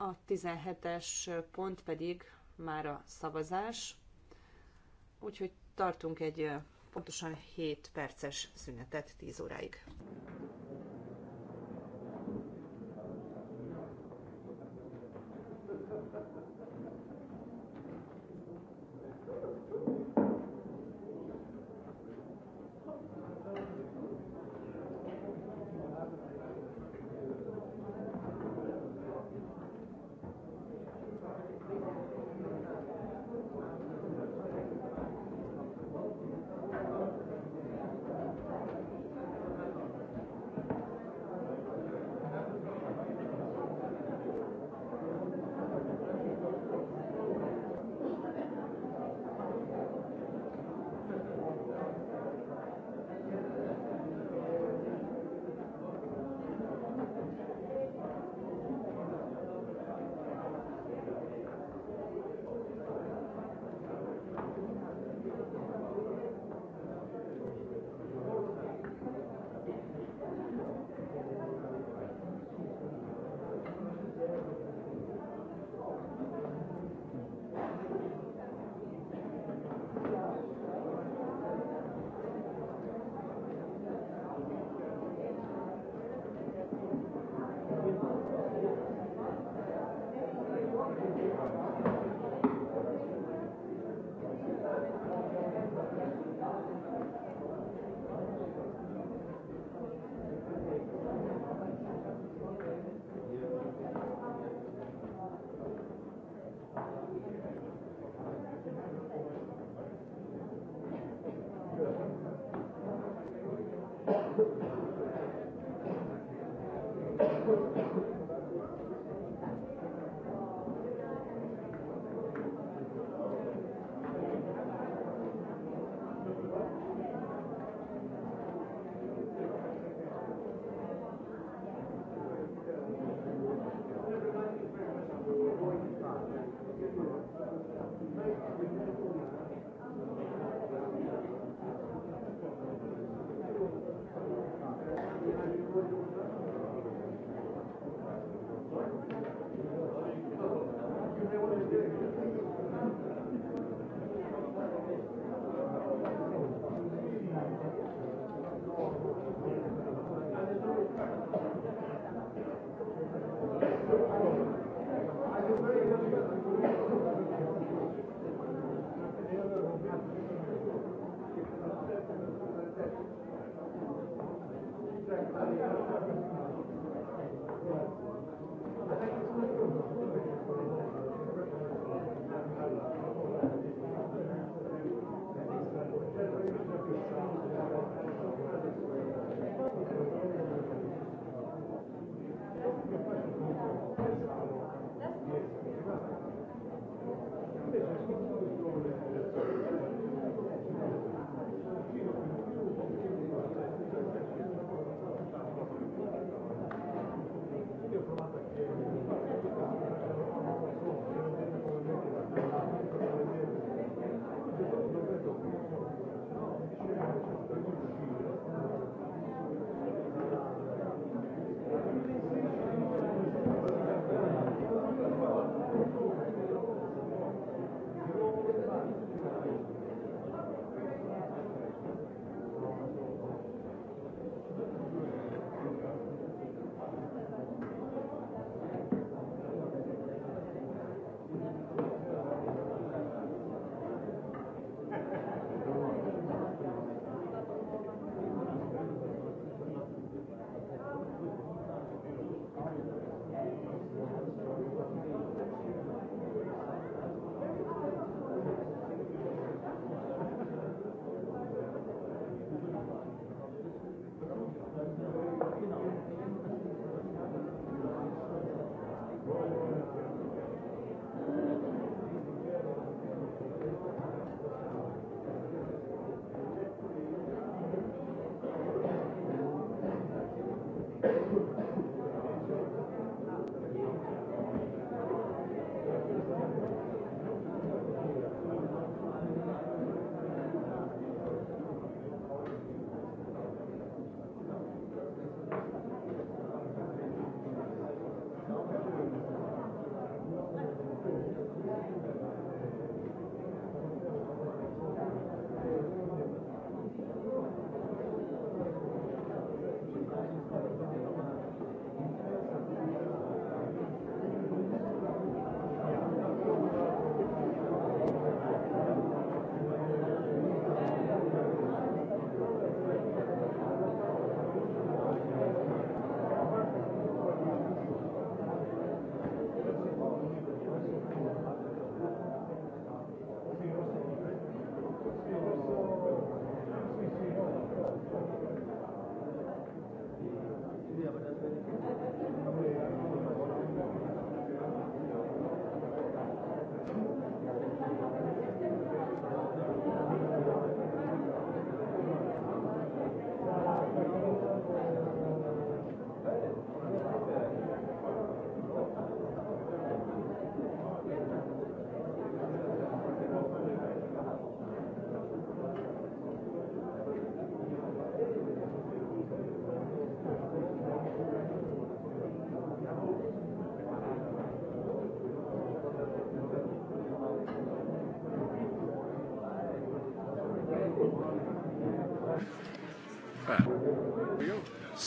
a 17-es pont pedig már a szavazás, úgyhogy tartunk egy pontosan 7 perces szünetet 10 óráig. Thank you.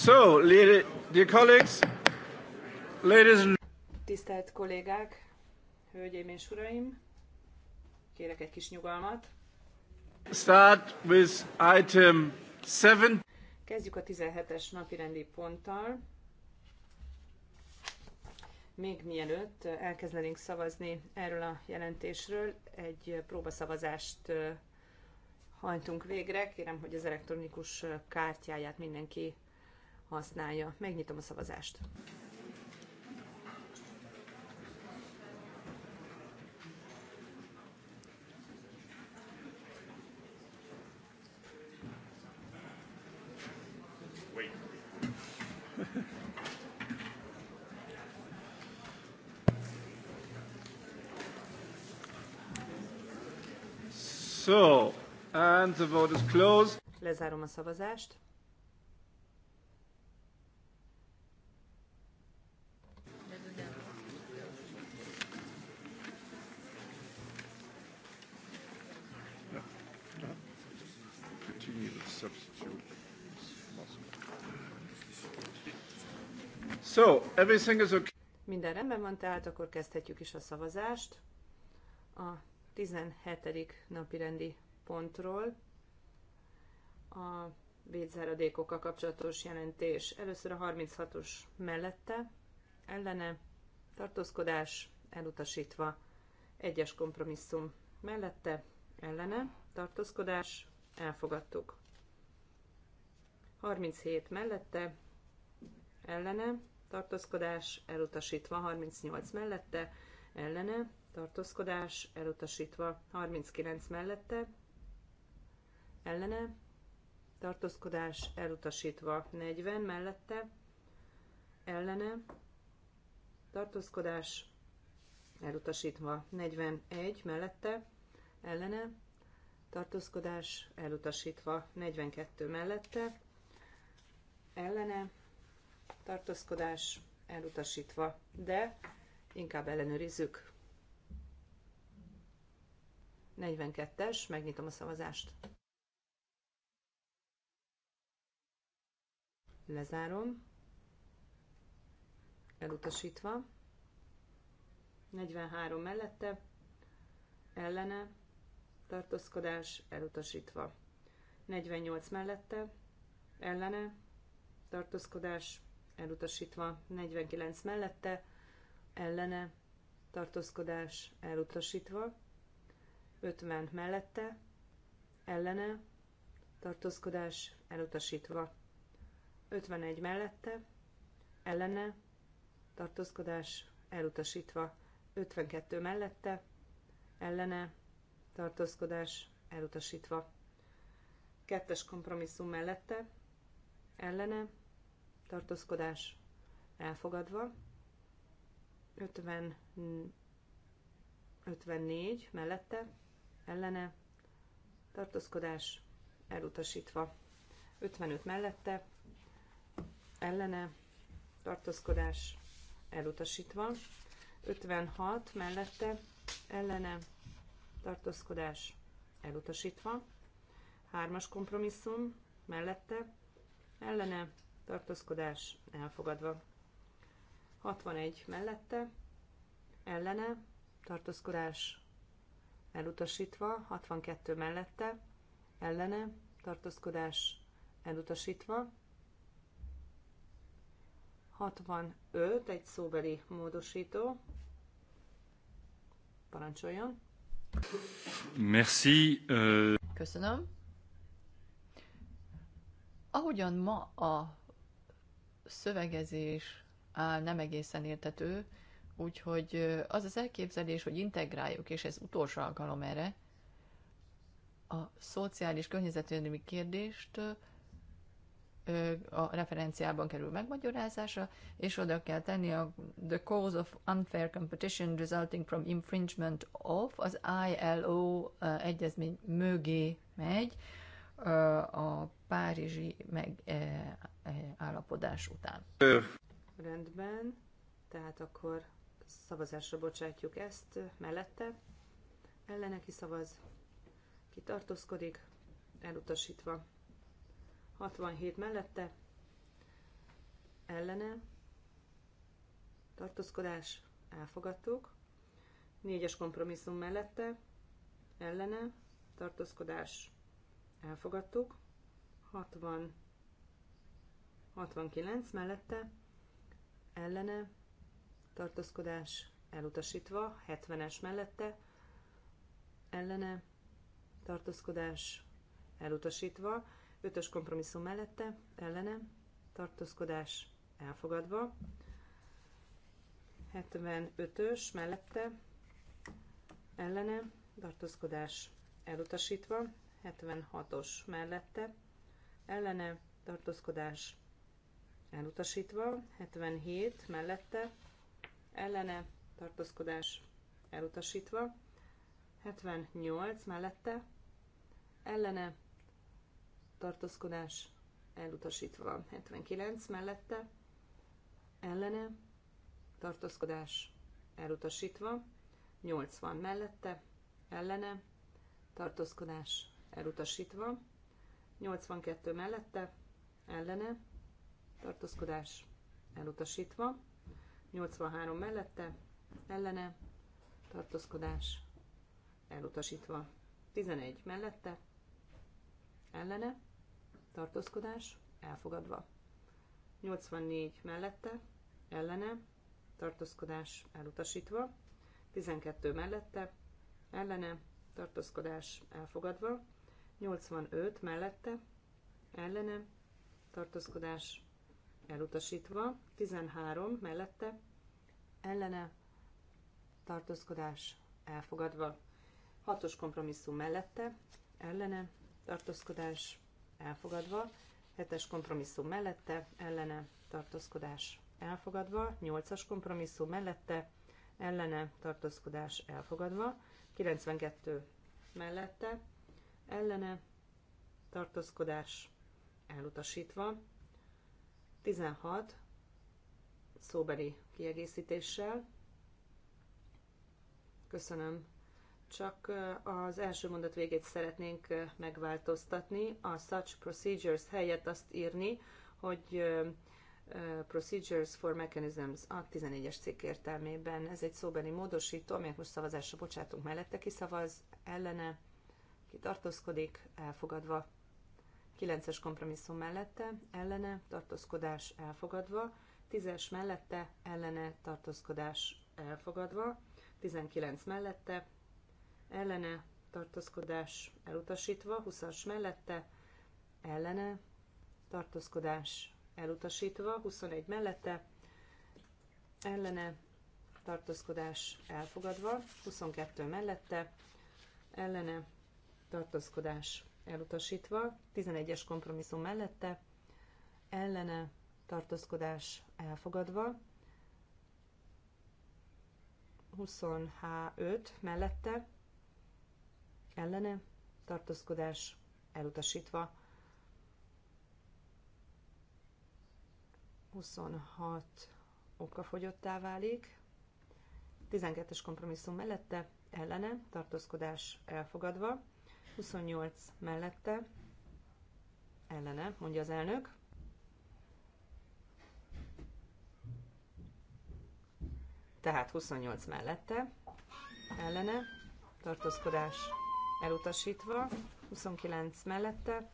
So, dear colleagues, ladies and...
Tisztelt kollégák, hölgyeim és uraim, kérek egy kis nyugalmat.
Start with item 7.
Kezdjük a 17-es napirendi ponttal. Még mielőtt elkezdenénk szavazni erről a jelentésről, egy próbaszavazást hajtunk végre. Kérem, hogy az elektronikus kártyáját mindenki használja. Megnyitom a szavazást.
So, and the vote is closed.
Lezárom a szavazást.
substitute. So, everything is okay.
Minden rendben van, tehát akkor kezdhetjük is a szavazást. A 17. napi rendi pontról a védzáradékokkal kapcsolatos jelentés. Először a 36-os mellette, ellene, tartózkodás, elutasítva, egyes kompromisszum mellette, ellene, tartózkodás, elfogadtuk. 37 mellette, ellene, tartózkodás elutasítva, 38 mellette, ellene, tartózkodás elutasítva, 39 mellette, ellene, tartózkodás elutasítva, 40 mellette, ellene, tartózkodás elutasítva, 41 mellette, ellene, tartózkodás elutasítva, 42 mellette, ellene tartózkodás elutasítva, de inkább ellenőrizzük. 42-es, megnyitom a szavazást. Lezárom. Elutasítva. 43 mellette, ellene, tartózkodás, elutasítva. 48 mellette, ellene, tartózkodás elutasítva, 49 mellette, ellene, tartózkodás elutasítva, 50 mellette, ellene, tartózkodás elutasítva, 51 mellette, ellene, tartózkodás elutasítva, 52 mellette, ellene, tartózkodás elutasítva, kettes kompromisszum mellette, ellene, tartózkodás elfogadva, 50, 54 mellette, ellene, tartózkodás elutasítva, 55 mellette, ellene, tartózkodás elutasítva, 56 mellette, ellene, tartózkodás elutasítva, hármas kompromisszum mellette, ellene, tartózkodás elfogadva. 61 mellette, ellene, tartózkodás elutasítva, 62 mellette, ellene, tartózkodás elutasítva, 65, egy szóbeli módosító, parancsoljon.
Merci. Euh,
Köszönöm. Ahogyan ma a szövegezés áll nem egészen értető, úgyhogy az az elképzelés, hogy integráljuk, és ez utolsó alkalom erre, a szociális környezetvédelmi kérdést a referenciában kerül megmagyarázása és oda kell tenni a The Cause of Unfair Competition Resulting from Infringement of az ILO egyezmény mögé megy a Párizsi megállapodás e, e, után.
Rendben, tehát akkor szavazásra bocsátjuk ezt mellette. Ellene ki szavaz, ki tartózkodik, elutasítva. 67 mellette, ellene, tartózkodás, elfogadtuk. 4-es kompromisszum mellette, ellene, tartózkodás, elfogadtuk. 60, 69 mellette ellene tartózkodás elutasítva, 70-es mellette ellene tartózkodás elutasítva, 5-ös kompromisszum mellette ellene tartózkodás elfogadva, 75-ös mellette ellene tartózkodás elutasítva, 76-os mellette ellene tartózkodás elutasítva, 77 mellette ellene tartózkodás elutasítva, 78 mellette ellene tartózkodás elutasítva, 79 mellette ellene tartózkodás elutasítva, 80 mellette ellene tartózkodás elutasítva, 82 mellette, ellene, tartózkodás elutasítva, 83 mellette, ellene, tartózkodás elutasítva, 11 mellette, ellene, tartózkodás elfogadva, 84 mellette, ellene, tartózkodás elutasítva, 12 mellette, ellene, tartózkodás elfogadva, 85 mellette, ellene, tartózkodás elutasítva, 13 mellette, ellene, tartózkodás elfogadva, 6-os kompromisszum mellette, ellene, tartózkodás elfogadva, 7-es kompromisszum mellette, ellene, tartózkodás elfogadva, 8-as kompromisszum mellette, ellene, tartózkodás elfogadva, 92 mellette, ellene tartózkodás elutasítva. 16 szóbeli kiegészítéssel. Köszönöm. Csak az első mondat végét szeretnénk megváltoztatni. A such procedures helyett azt írni, hogy Procedures for Mechanisms A 14-es cikk értelmében. Ez egy szóbeli módosító, amelyet most szavazásra bocsátunk mellette, kiszavaz ellene, ki tartózkodik, elfogadva. 9-es kompromisszum mellette, ellene, tartózkodás elfogadva, 10-es mellette, ellene, tartózkodás elfogadva, 19 mellette, ellene, tartózkodás elutasítva, 20-as mellette, ellene, tartózkodás elutasítva, 21 mellette, ellene, tartózkodás elfogadva, 22 mellette, ellene, tartózkodás elutasítva, 11-es kompromisszum mellette, ellene tartózkodás elfogadva, 25 mellette, ellene tartózkodás elutasítva, 26 okafogyottá válik, 12-es kompromisszum mellette, ellene tartózkodás elfogadva, 28 mellette, ellene, mondja az elnök. Tehát 28 mellette, ellene, tartózkodás elutasítva, 29 mellette,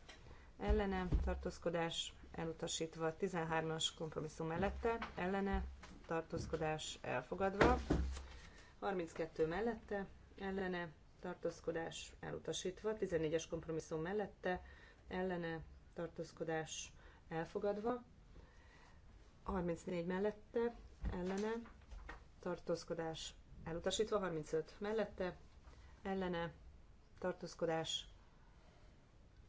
ellene, tartózkodás elutasítva, 13-as kompromisszum mellette, ellene, tartózkodás elfogadva, 32 mellette, ellene, tartózkodás elutasítva, 14-es kompromisszum mellette, ellene tartózkodás elfogadva, 34 mellette, ellene tartózkodás elutasítva, 35 mellette, ellene tartózkodás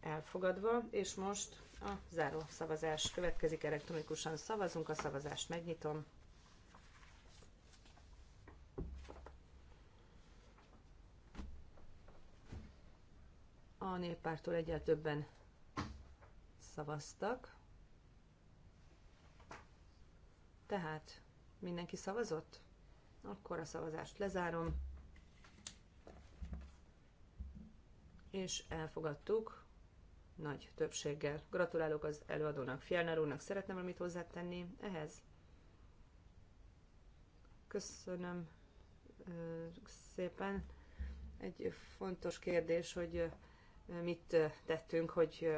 elfogadva, és most a záró szavazás következik, elektronikusan szavazunk, a szavazást megnyitom. A néppártól egyel többen szavaztak. Tehát mindenki szavazott? Akkor a szavazást lezárom. És elfogadtuk nagy többséggel. Gratulálok az előadónak, Fjellner úrnak. Szeretném valamit hozzátenni ehhez? Köszönöm szépen. Egy fontos kérdés, hogy mit tettünk, hogy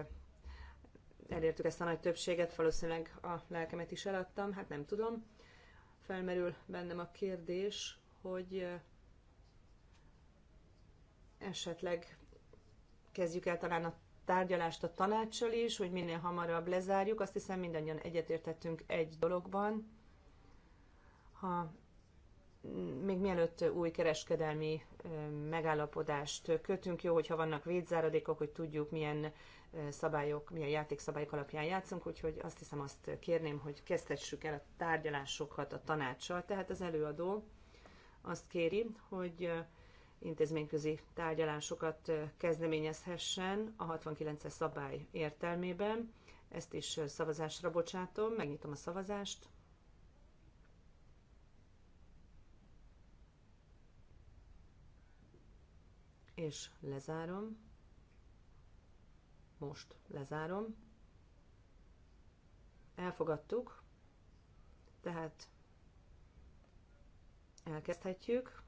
elértük ezt a nagy többséget, valószínűleg a lelkemet is eladtam, hát nem tudom. Felmerül bennem a kérdés, hogy esetleg kezdjük el talán a tárgyalást a tanácssal is, hogy minél hamarabb lezárjuk. Azt hiszem mindannyian egyetértettünk egy dologban. Ha még mielőtt új kereskedelmi megállapodást kötünk, jó, hogyha vannak védzáradékok, hogy tudjuk, milyen szabályok, milyen játékszabályok alapján játszunk, úgyhogy azt hiszem azt kérném, hogy kezdhessük el a tárgyalásokat a tanácssal. Tehát az előadó azt kéri, hogy intézményközi tárgyalásokat kezdeményezhessen a 69-es szabály értelmében. Ezt is szavazásra bocsátom, megnyitom a szavazást. és lezárom. Most lezárom. Elfogadtuk, tehát elkezdhetjük,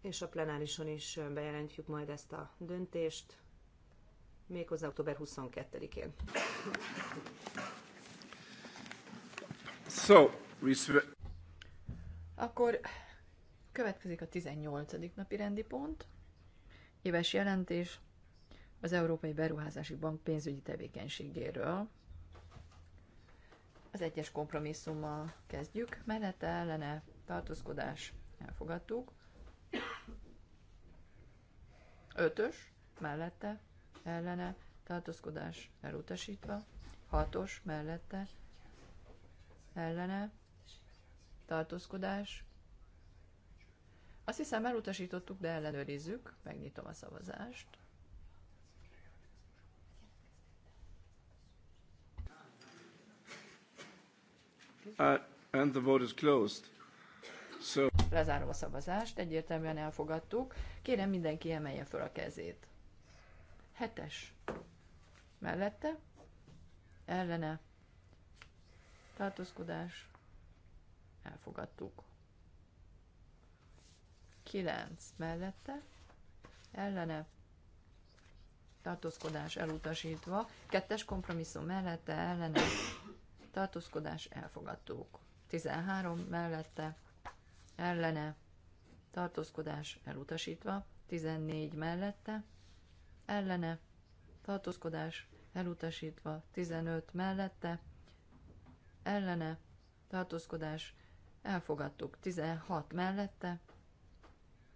és a plenárison is bejelentjük majd ezt a döntést, méghozzá október 22-én.
So,
Akkor következik a 18. napi rendi pont éves jelentés az Európai Beruházási Bank pénzügyi tevékenységéről. Az egyes kompromisszummal kezdjük, mellette ellene tartózkodás elfogadtuk. Ötös, mellette, ellene, tartózkodás elutasítva. Hatos, mellette, ellene, tartózkodás azt hiszem elutasítottuk, de ellenőrizzük. Megnyitom a szavazást.
Uh, and the vote is closed. So...
Lezárom a szavazást, egyértelműen elfogadtuk. Kérem mindenki emelje föl a kezét. Hetes. Mellette? Ellene. Tartózkodás. Elfogadtuk. 9 mellette, ellene, tartózkodás elutasítva, kettes kompromisszum mellette, ellene, tartózkodás elfogadtuk. 13 mellette, ellene, tartózkodás elutasítva, 14 mellette, ellene, tartózkodás elutasítva, 15 mellette, ellene, tartózkodás elfogadtuk, 16 mellette,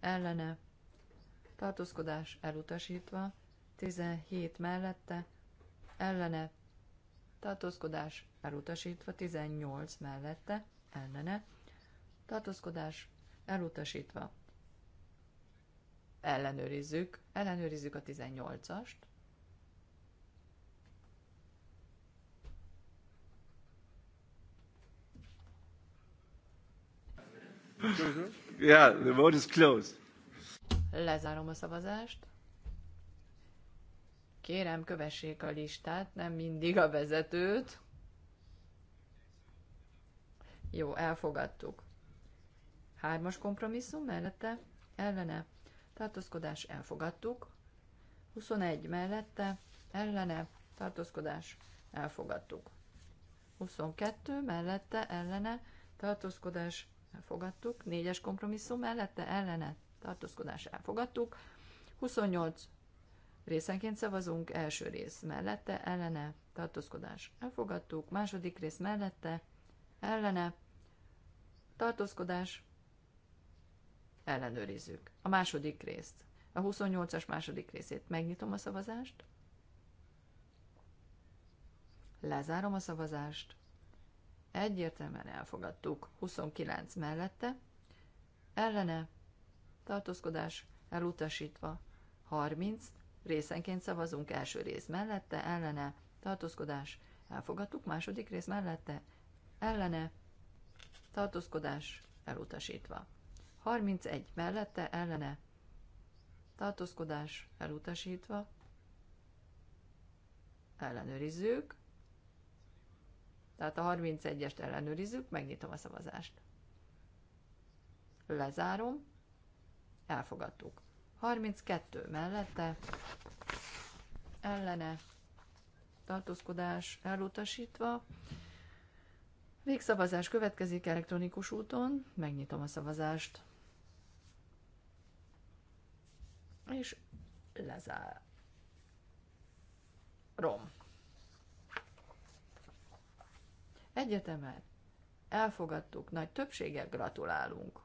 ellene, tartózkodás elutasítva, 17 mellette, ellene, tartózkodás elutasítva, 18 mellette, ellene, tartózkodás elutasítva. Ellenőrizzük, ellenőrizzük a 18-ast. Köszönöm.
Yeah, the vote is closed.
Lezárom a szavazást. Kérem, kövessék a listát, nem mindig a vezetőt. Jó, elfogadtuk. Hármas kompromisszum mellette, ellene, tartózkodás elfogadtuk. 21 mellette, ellene, tartózkodás elfogadtuk. 22 mellette, ellene, tartózkodás elfogadtuk, Négyes kompromisszum mellette ellene tartózkodás elfogadtuk, 28 részenként szavazunk, első rész mellette ellene tartózkodás elfogadtuk, második rész mellette ellene tartózkodás ellenőrizzük. A második részt, a 28-as második részét megnyitom a szavazást, lezárom a szavazást, Egyértelműen elfogadtuk. 29 mellette. Ellene. Tartózkodás elutasítva. 30. Részenként szavazunk első rész mellette. Ellene. Tartózkodás. Elfogadtuk második rész mellette. Ellene. Tartózkodás elutasítva. 31 mellette. Ellene. Tartózkodás elutasítva. Ellenőrizzük. Tehát a 31-est ellenőrizzük, megnyitom a szavazást. Lezárom, elfogadtuk. 32 mellette, ellene, tartózkodás elutasítva. Végszavazás következik elektronikus úton, megnyitom a szavazást. És lezárom. Egyetemen elfogadtuk, nagy többséggel gratulálunk.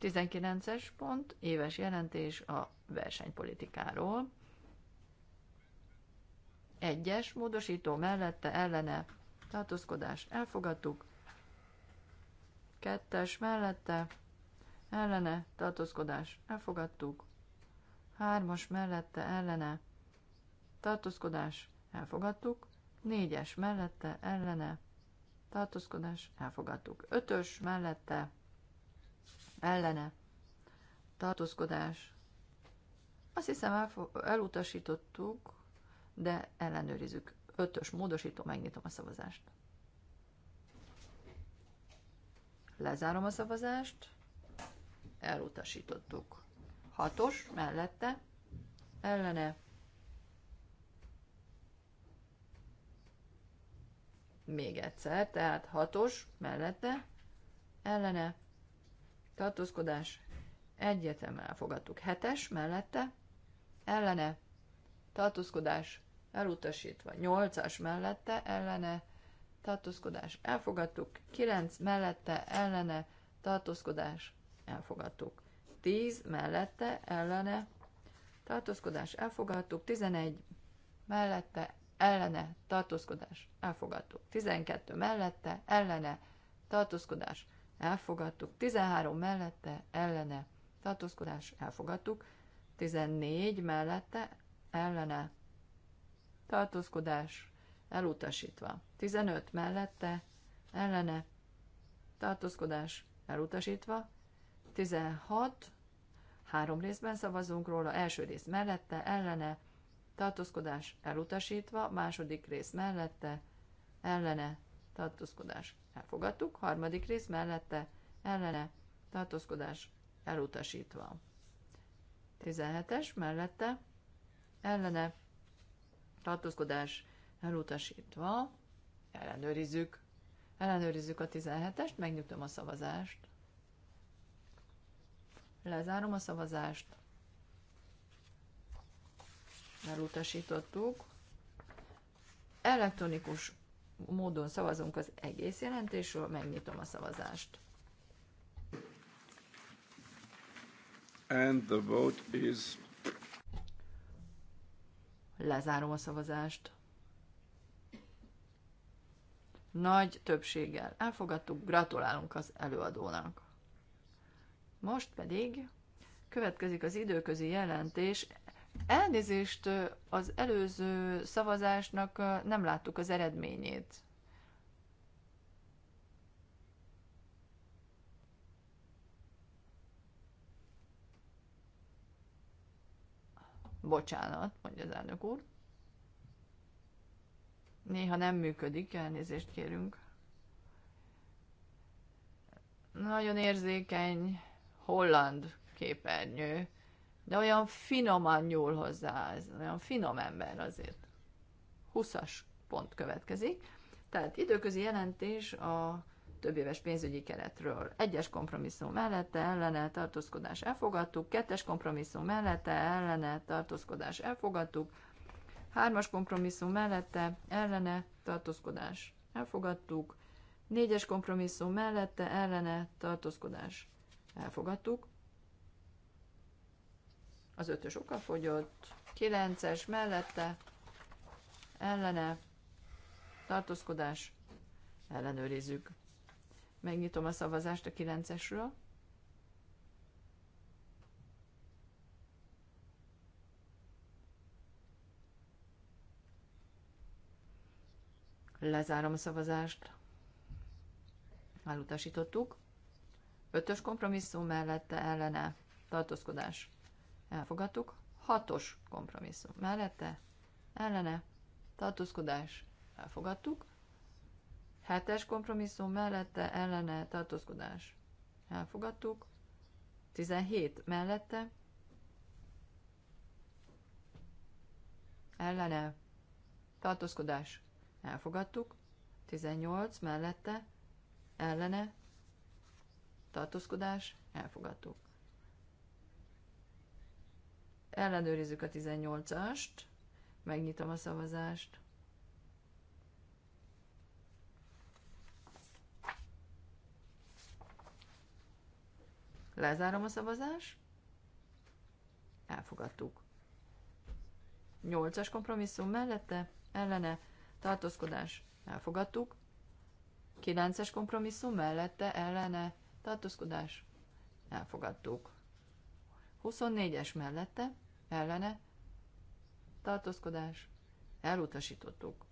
19-es pont, éves jelentés a versenypolitikáról. Egyes módosító mellette ellene tartózkodás elfogadtuk. Kettes mellette ellene tartózkodás elfogadtuk. Hármas mellette ellene tartózkodás elfogadtuk, négyes mellette, ellene, tartózkodás, elfogadtuk, ötös mellette, ellene, tartózkodás, azt hiszem elutasítottuk, de ellenőrizzük. Ötös módosító, megnyitom a szavazást. Lezárom a szavazást, elutasítottuk. Hatos mellette, ellene, Még egyszer, tehát hatos mellette, ellene, tartózkodás, egyetem elfogadtuk. Hetes mellette, ellene, tartózkodás, elutasítva. Nyolcas mellette, ellene, tartózkodás, elfogadtuk. Kilenc mellette, ellene, tartózkodás, elfogadtuk. Tíz mellette, ellene, tartózkodás, elfogadtuk. Tizenegy mellette, ellene, tartózkodás, elfogadtuk. 12 mellette, ellene, tartózkodás, elfogadtuk. 13 mellette, ellene, tartózkodás, elfogadtuk. 14 mellette, ellene, tartózkodás, elutasítva. 15 mellette, ellene, tartózkodás, elutasítva. 16, három részben szavazunk róla, első rész mellette, ellene, tartózkodás elutasítva, második rész mellette, ellene, tartózkodás elfogadtuk, harmadik rész mellette, ellene, tartózkodás elutasítva. 17-es mellette, ellene, tartózkodás elutasítva, ellenőrizzük, ellenőrizzük a 17-est, megnyitom a szavazást, lezárom a szavazást, elutasítottuk. Elektronikus módon szavazunk az egész jelentésről, megnyitom a szavazást.
And the vote is...
Lezárom a szavazást. Nagy többséggel elfogadtuk, gratulálunk az előadónak. Most pedig következik az időközi jelentés Elnézést az előző szavazásnak nem láttuk az eredményét. Bocsánat, mondja az elnök úr. Néha nem működik, elnézést kérünk. Nagyon érzékeny holland képernyő de olyan finoman nyúl hozzá, ez olyan finom ember azért. 20-as pont következik. Tehát időközi jelentés a több éves pénzügyi keretről. Egyes kompromisszum mellette ellene tartózkodás elfogadtuk, kettes kompromisszum mellette ellene tartózkodás elfogadtuk, hármas kompromisszum mellette ellene tartózkodás elfogadtuk, négyes kompromisszum mellette ellene tartózkodás elfogadtuk, az ötös okafogyott, fogyott. Kilences mellette, ellene, tartózkodás, ellenőrizzük. Megnyitom a szavazást a kilencesről? Lezárom a szavazást. Elutasítottuk. Ötös kompromisszum mellette ellene tartózkodás elfogadtuk. Hatos kompromisszum mellette, ellene, tartózkodás, elfogadtuk. Hetes kompromisszum mellette, ellene, tartózkodás, elfogadtuk. 17 mellette, ellene, tartózkodás, elfogadtuk. 18 mellette, ellene, tartózkodás, elfogadtuk. Ellenőrizzük a 18-ast. Megnyitom a szavazást. Lezárom a szavazást. Elfogadtuk. 8-as kompromisszum mellette, ellene, tartózkodás, elfogadtuk. 9-es kompromisszum mellette, ellene, tartózkodás, elfogadtuk. 24-es mellette, ellene, tartózkodás, elutasítottuk.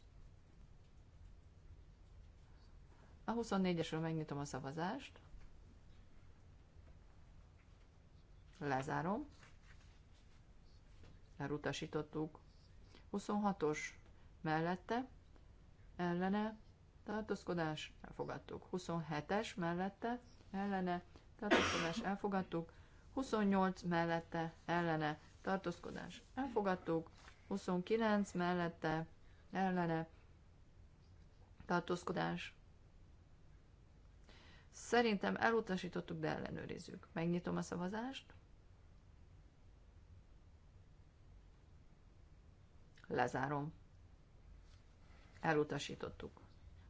A 24-esről megnyitom a szavazást, lezárom, elutasítottuk. 26-os mellette, ellene, tartózkodás, elfogadtuk. 27-es mellette, ellene, tartózkodás, elfogadtuk. 28 mellette, ellene, tartózkodás elfogadtuk, 29 mellette ellene tartózkodás. Szerintem elutasítottuk, de ellenőrizzük. Megnyitom a szavazást. Lezárom. Elutasítottuk.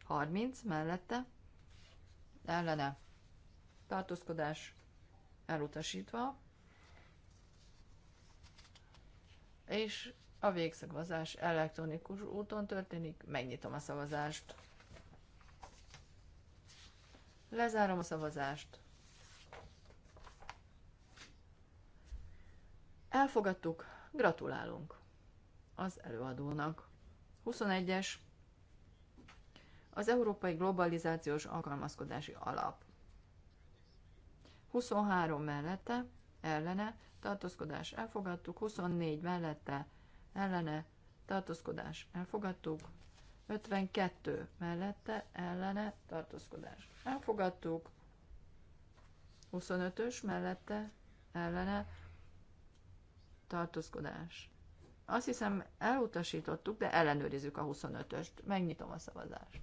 30 mellette ellene tartózkodás elutasítva. és a végszavazás elektronikus úton történik. Megnyitom a szavazást. Lezárom a szavazást. Elfogadtuk, gratulálunk az előadónak. 21-es az Európai Globalizációs Alkalmazkodási Alap. 23 mellette, ellene tartózkodás elfogadtuk, 24 mellette ellene tartózkodás elfogadtuk, 52 mellette ellene tartózkodás elfogadtuk, 25-ös mellette ellene tartózkodás. Azt hiszem elutasítottuk, de ellenőrizzük a 25-öst. Megnyitom a szavazást.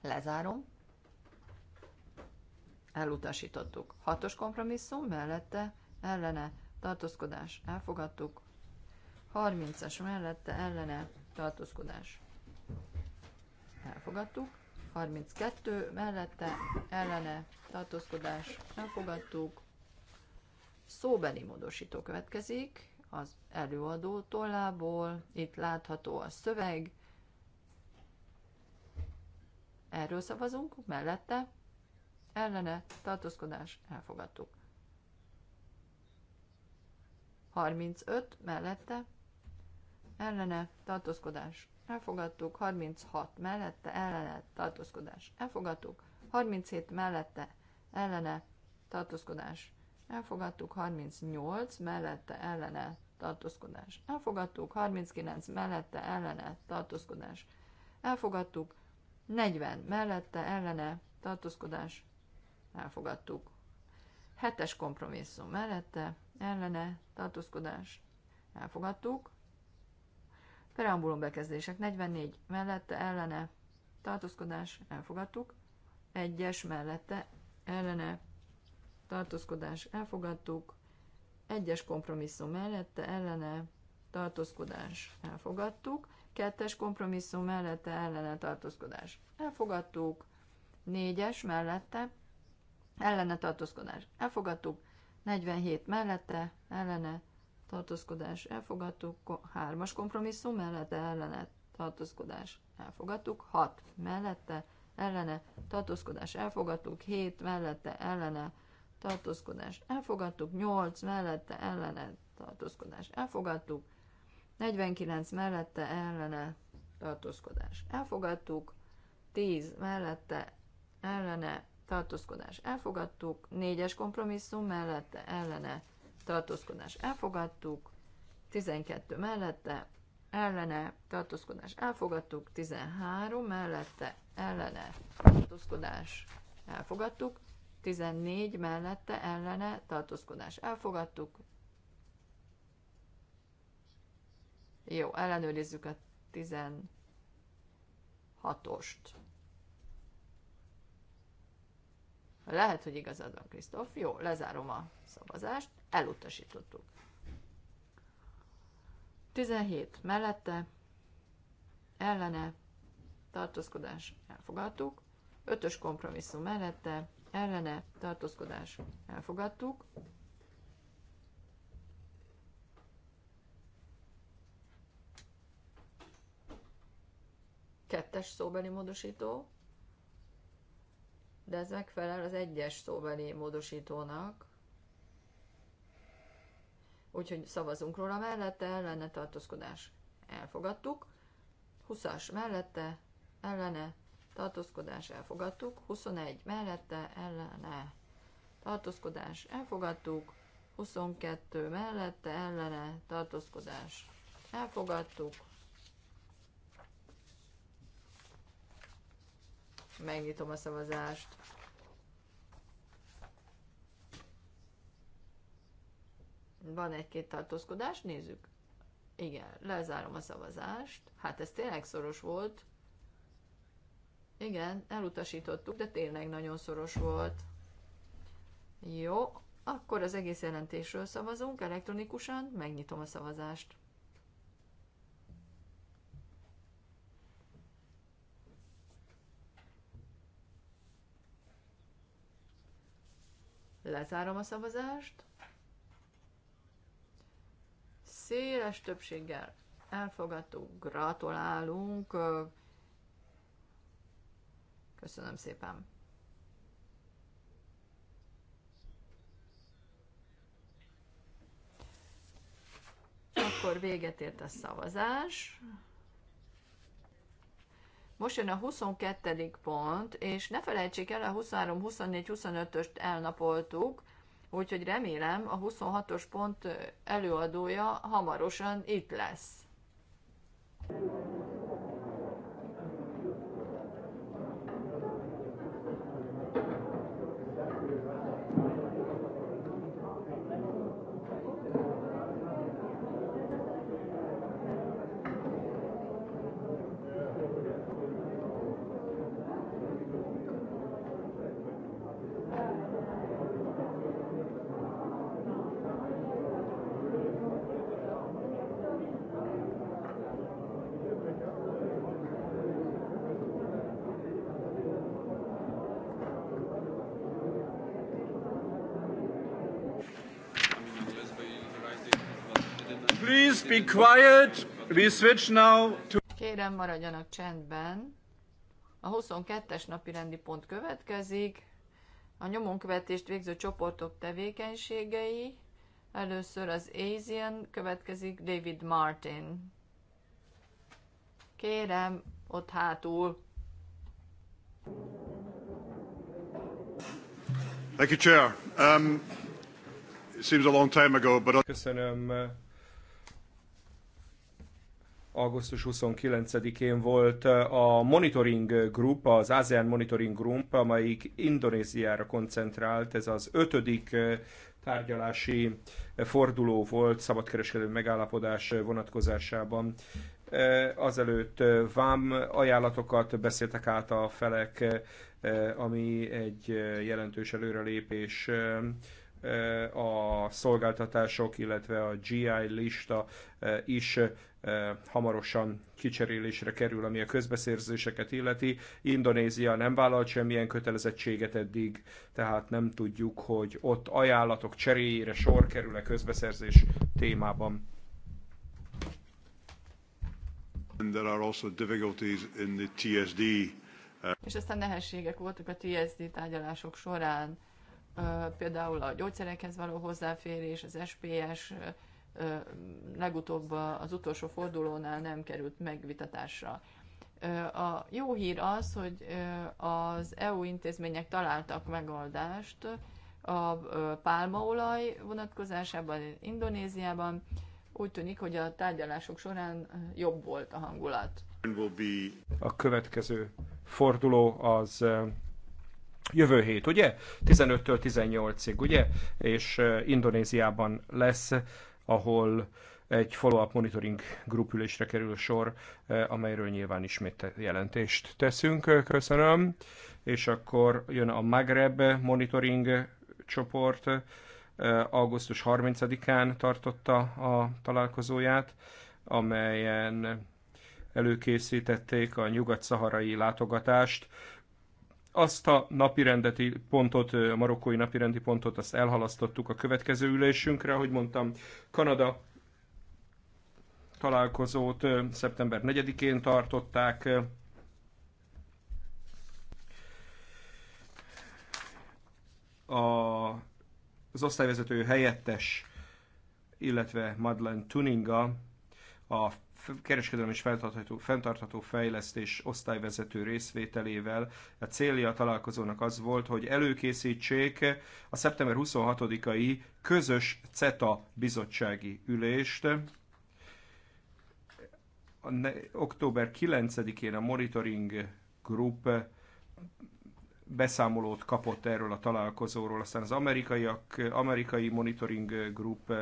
Lezárom elutasítottuk. Hatos kompromisszum mellette ellene tartózkodás elfogadtuk. 30-as mellette ellene tartózkodás elfogadtuk. 32 mellette ellene tartózkodás elfogadtuk. Szóbeli módosító következik az előadó tollából. Itt látható a szöveg. Erről szavazunk, mellette ellene tartózkodás elfogadtuk. 35 mellette ellene tartózkodás elfogadtuk, 36 mellette ellene tartózkodás elfogadtuk, 37 mellette ellene tartózkodás elfogadtuk, 38 mellette ellene tartózkodás elfogadtuk, 39 mellette ellene tartózkodás elfogadtuk, 40 mellette ellene tartózkodás elfogadtuk. Hetes kompromisszum mellette, ellene, tartózkodás, elfogadtuk. Preambulum bekezdések 44 mellette, ellene, tartózkodás, elfogadtuk. Egyes mellette, ellene, tartózkodás, elfogadtuk. Egyes kompromisszum mellette, ellene, tartózkodás, elfogadtuk. Kettes kompromisszum mellette, ellene, tartózkodás, elfogadtuk. Négyes mellette, ellene tartózkodás elfogadtuk, 47 mellette ellene tartózkodás elfogadtuk, 3-as kompromisszum mellette ellene tartózkodás elfogadtuk, 6 mellette ellene tartózkodás elfogadtuk, 7 mellette ellene tartózkodás elfogadtuk, 8 mellette ellene tartózkodás elfogadtuk, 49 mellette ellene tartózkodás elfogadtuk, 10 mellette ellene tartózkodás elfogadtuk, négyes kompromisszum mellette ellene tartózkodás elfogadtuk, 12 mellette ellene tartózkodás elfogadtuk, 13 mellette ellene tartózkodás elfogadtuk, 14 mellette ellene tartózkodás elfogadtuk. Jó, ellenőrizzük a 16-ost. Lehet, hogy igazad van, Krisztóf. Jó, lezárom a szavazást. Elutasítottuk. 17 mellette, ellene, tartózkodás, elfogadtuk. 5-ös kompromisszum mellette, ellene, tartózkodás, elfogadtuk. Kettes szóbeli módosító, de ez megfelel az egyes szóbeli módosítónak. Úgyhogy szavazunk róla mellette, ellene tartózkodás. Elfogadtuk. 20-as mellette, ellene tartózkodás. Elfogadtuk. 21 mellette, ellene tartózkodás. Elfogadtuk. 22 mellette, ellene tartózkodás. Elfogadtuk. Megnyitom a szavazást. Van egy-két tartózkodás, nézzük. Igen, lezárom a szavazást. Hát ez tényleg szoros volt. Igen, elutasítottuk, de tényleg nagyon szoros volt. Jó, akkor az egész jelentésről szavazunk elektronikusan, megnyitom a szavazást. Lezárom a szavazást. Széles többséggel elfogadtuk, gratulálunk. Köszönöm szépen. Akkor véget ért a szavazás. Most jön a 22. pont, és ne felejtsék el, a 23, 24, 25-öst elnapoltuk, úgyhogy remélem a 26-os pont előadója hamarosan itt lesz.
be quiet. We switch now to...
Kérem, maradjanak csendben. A 22-es napi rendi pont következik. A nyomonkövetést végző csoportok tevékenységei. Először az Asian, következik David Martin. Kérem, ott hátul.
Thank you, Chair. Um, it seems a long time ago, but... Köszönöm, augusztus 29-én volt eh, a Monitoring Group, az ASEAN Monitoring Group, amelyik Indonéziára koncentrált. Ez az ötödik eh, tárgyalási eh, forduló volt szabadkereskedelmi megállapodás vonatkozásában. Azelőtt vám ajánlatokat beszéltek át a felek, ami egy jelentős előrelépés a szolgáltatások, illetve a GI lista is hamarosan kicserélésre kerül, ami a közbeszerzéseket illeti. Indonézia nem vállalt semmilyen kötelezettséget eddig, tehát nem tudjuk, hogy ott ajánlatok cseréjére sor kerül-e közbeszerzés témában.
And there are also difficulties in the TSD. Uh, És
aztán nehézségek voltak a TSD tárgyalások során, például a gyógyszerekhez való hozzáférés, az SPS legutóbb az utolsó fordulónál nem került megvitatásra. A jó hír az, hogy az EU intézmények találtak megoldást a pálmaolaj vonatkozásában, Indonéziában. Úgy tűnik, hogy a tárgyalások során jobb volt a hangulat.
A következő forduló az jövő hét, ugye? 15-től 18-ig, ugye? És Indonéziában lesz ahol egy follow-up monitoring grupülésre kerül sor, eh, amelyről nyilván ismét jelentést teszünk. Köszönöm. És akkor jön a Magreb monitoring csoport. Eh, augusztus 30-án tartotta a találkozóját, amelyen előkészítették a nyugat-szaharai látogatást azt a napirendi pontot, a marokkói napirendi pontot, azt elhalasztottuk a következő ülésünkre, ahogy mondtam, Kanada találkozót szeptember 4-én tartották. A, az osztályvezető helyettes, illetve Madeleine Tuninga a kereskedelem és fenntartható, fenntartható fejlesztés osztályvezető részvételével. A célja a találkozónak az volt, hogy előkészítsék a szeptember 26-ai közös CETA bizottsági ülést, a ne, október 9-én a Monitoring Group beszámolót kapott erről a találkozóról, aztán az amerikaiak, amerikai Monitoring Group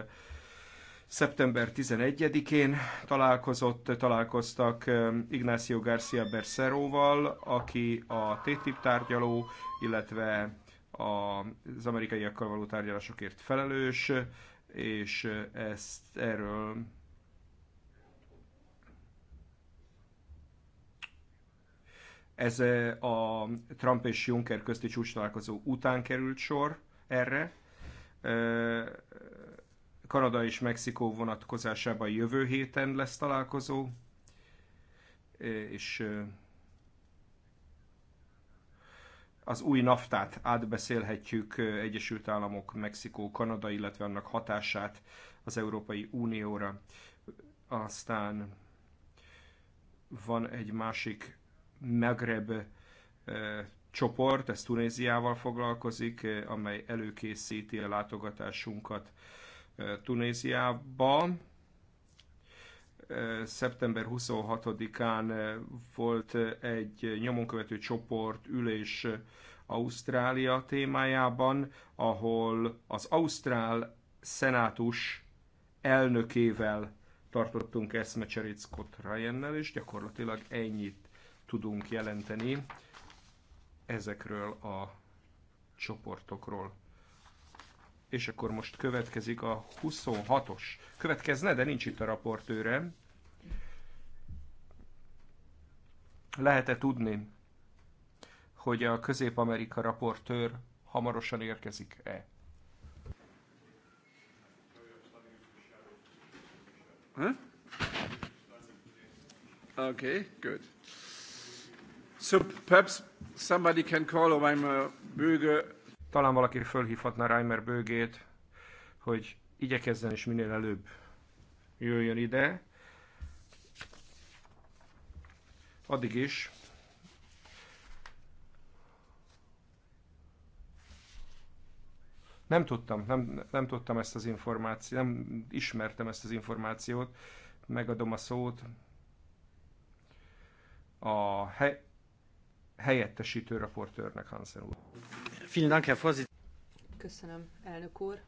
szeptember 11-én találkozott, találkoztak um, Ignacio Garcia Berceróval, aki a TTIP tárgyaló, illetve az amerikaiakkal való tárgyalásokért felelős, és ezt erről Ez uh, a Trump és Juncker közti csúcs találkozó után került sor erre uh, Kanada és Mexikó vonatkozásában jövő héten lesz találkozó, és az új naftát átbeszélhetjük Egyesült Államok, Mexikó, Kanada, illetve annak hatását az Európai Unióra. Aztán van egy másik Megreb csoport, ez Tunéziával foglalkozik, amely előkészíti a látogatásunkat Tunéziába. Szeptember 26-án volt egy nyomonkövető csoport ülés Ausztrália témájában, ahol az Ausztrál szenátus elnökével tartottunk eszmecserét Scott Ryannel, és gyakorlatilag ennyit tudunk jelenteni ezekről a csoportokról. És akkor most következik a 26-os. Következne, de nincs itt a raportőre. Lehet-e tudni, hogy a Közép-Amerika raportőr hamarosan érkezik-e? Huh? Hm? Okay, good. So perhaps somebody can call on a uh, Böge talán valaki fölhívhatná Reimer bőgét, hogy igyekezzen és minél előbb jöjjön ide. Addig is Nem tudtam, nem, nem tudtam ezt az információt, nem ismertem ezt az információt. Megadom a szót a he- helyettesítő raportőrnek, Hansen úr.
Köszönöm, elnök úr.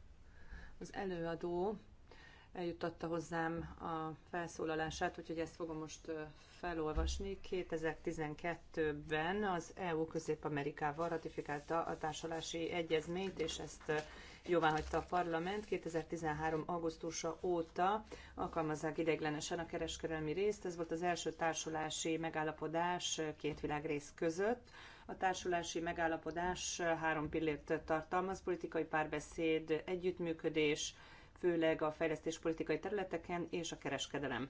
Az előadó eljuttatta hozzám a felszólalását, úgyhogy ezt fogom most felolvasni. 2012-ben az EU Közép-Amerikával ratifikálta a társulási egyezményt, és ezt jóvá hagyta a parlament. 2013. augusztusa óta alkalmazzák ideiglenesen a kereskedelmi részt. Ez volt az első társulási megállapodás két világrész között a társulási megállapodás három pillért tartalmaz, politikai párbeszéd, együttműködés, főleg a fejlesztés politikai területeken és a kereskedelem.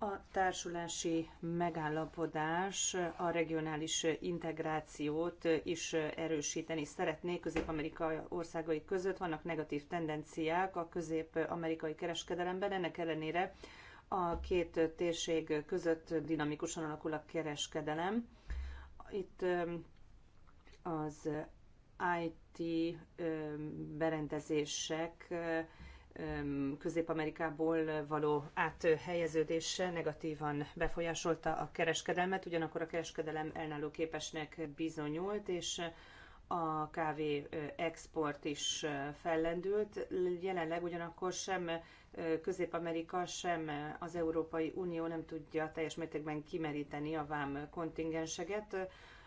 A társulási megállapodás a regionális integrációt is erősíteni szeretné közép amerikai országai között. Vannak negatív tendenciák a közép-amerikai kereskedelemben, ennek ellenére a két térség között dinamikusan alakul a kereskedelem itt az IT berendezések Közép-Amerikából való áthelyeződése negatívan befolyásolta a kereskedelmet, ugyanakkor a kereskedelem ellenálló képesnek bizonyult, és a kávé export is fellendült. Jelenleg ugyanakkor sem Közép-Amerika, sem az Európai Unió nem tudja teljes mértékben kimeríteni a vám kontingenseget.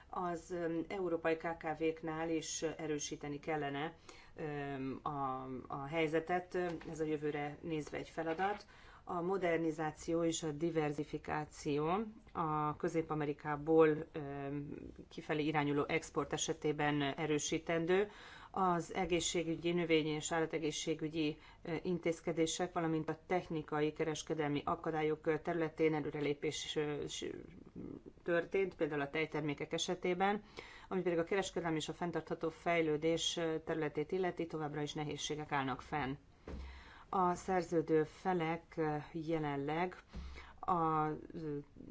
Az európai KKV-knál is erősíteni kellene a, a helyzetet, ez a jövőre nézve egy feladat a modernizáció és a diversifikáció a Közép-Amerikából kifelé irányuló export esetében erősítendő. Az egészségügyi, növényi és állategészségügyi intézkedések, valamint a technikai kereskedelmi akadályok területén előrelépés történt, például a tejtermékek esetében, ami pedig a kereskedelmi és a fenntartható fejlődés területét illeti, továbbra is nehézségek állnak fenn. A szerződő felek jelenleg a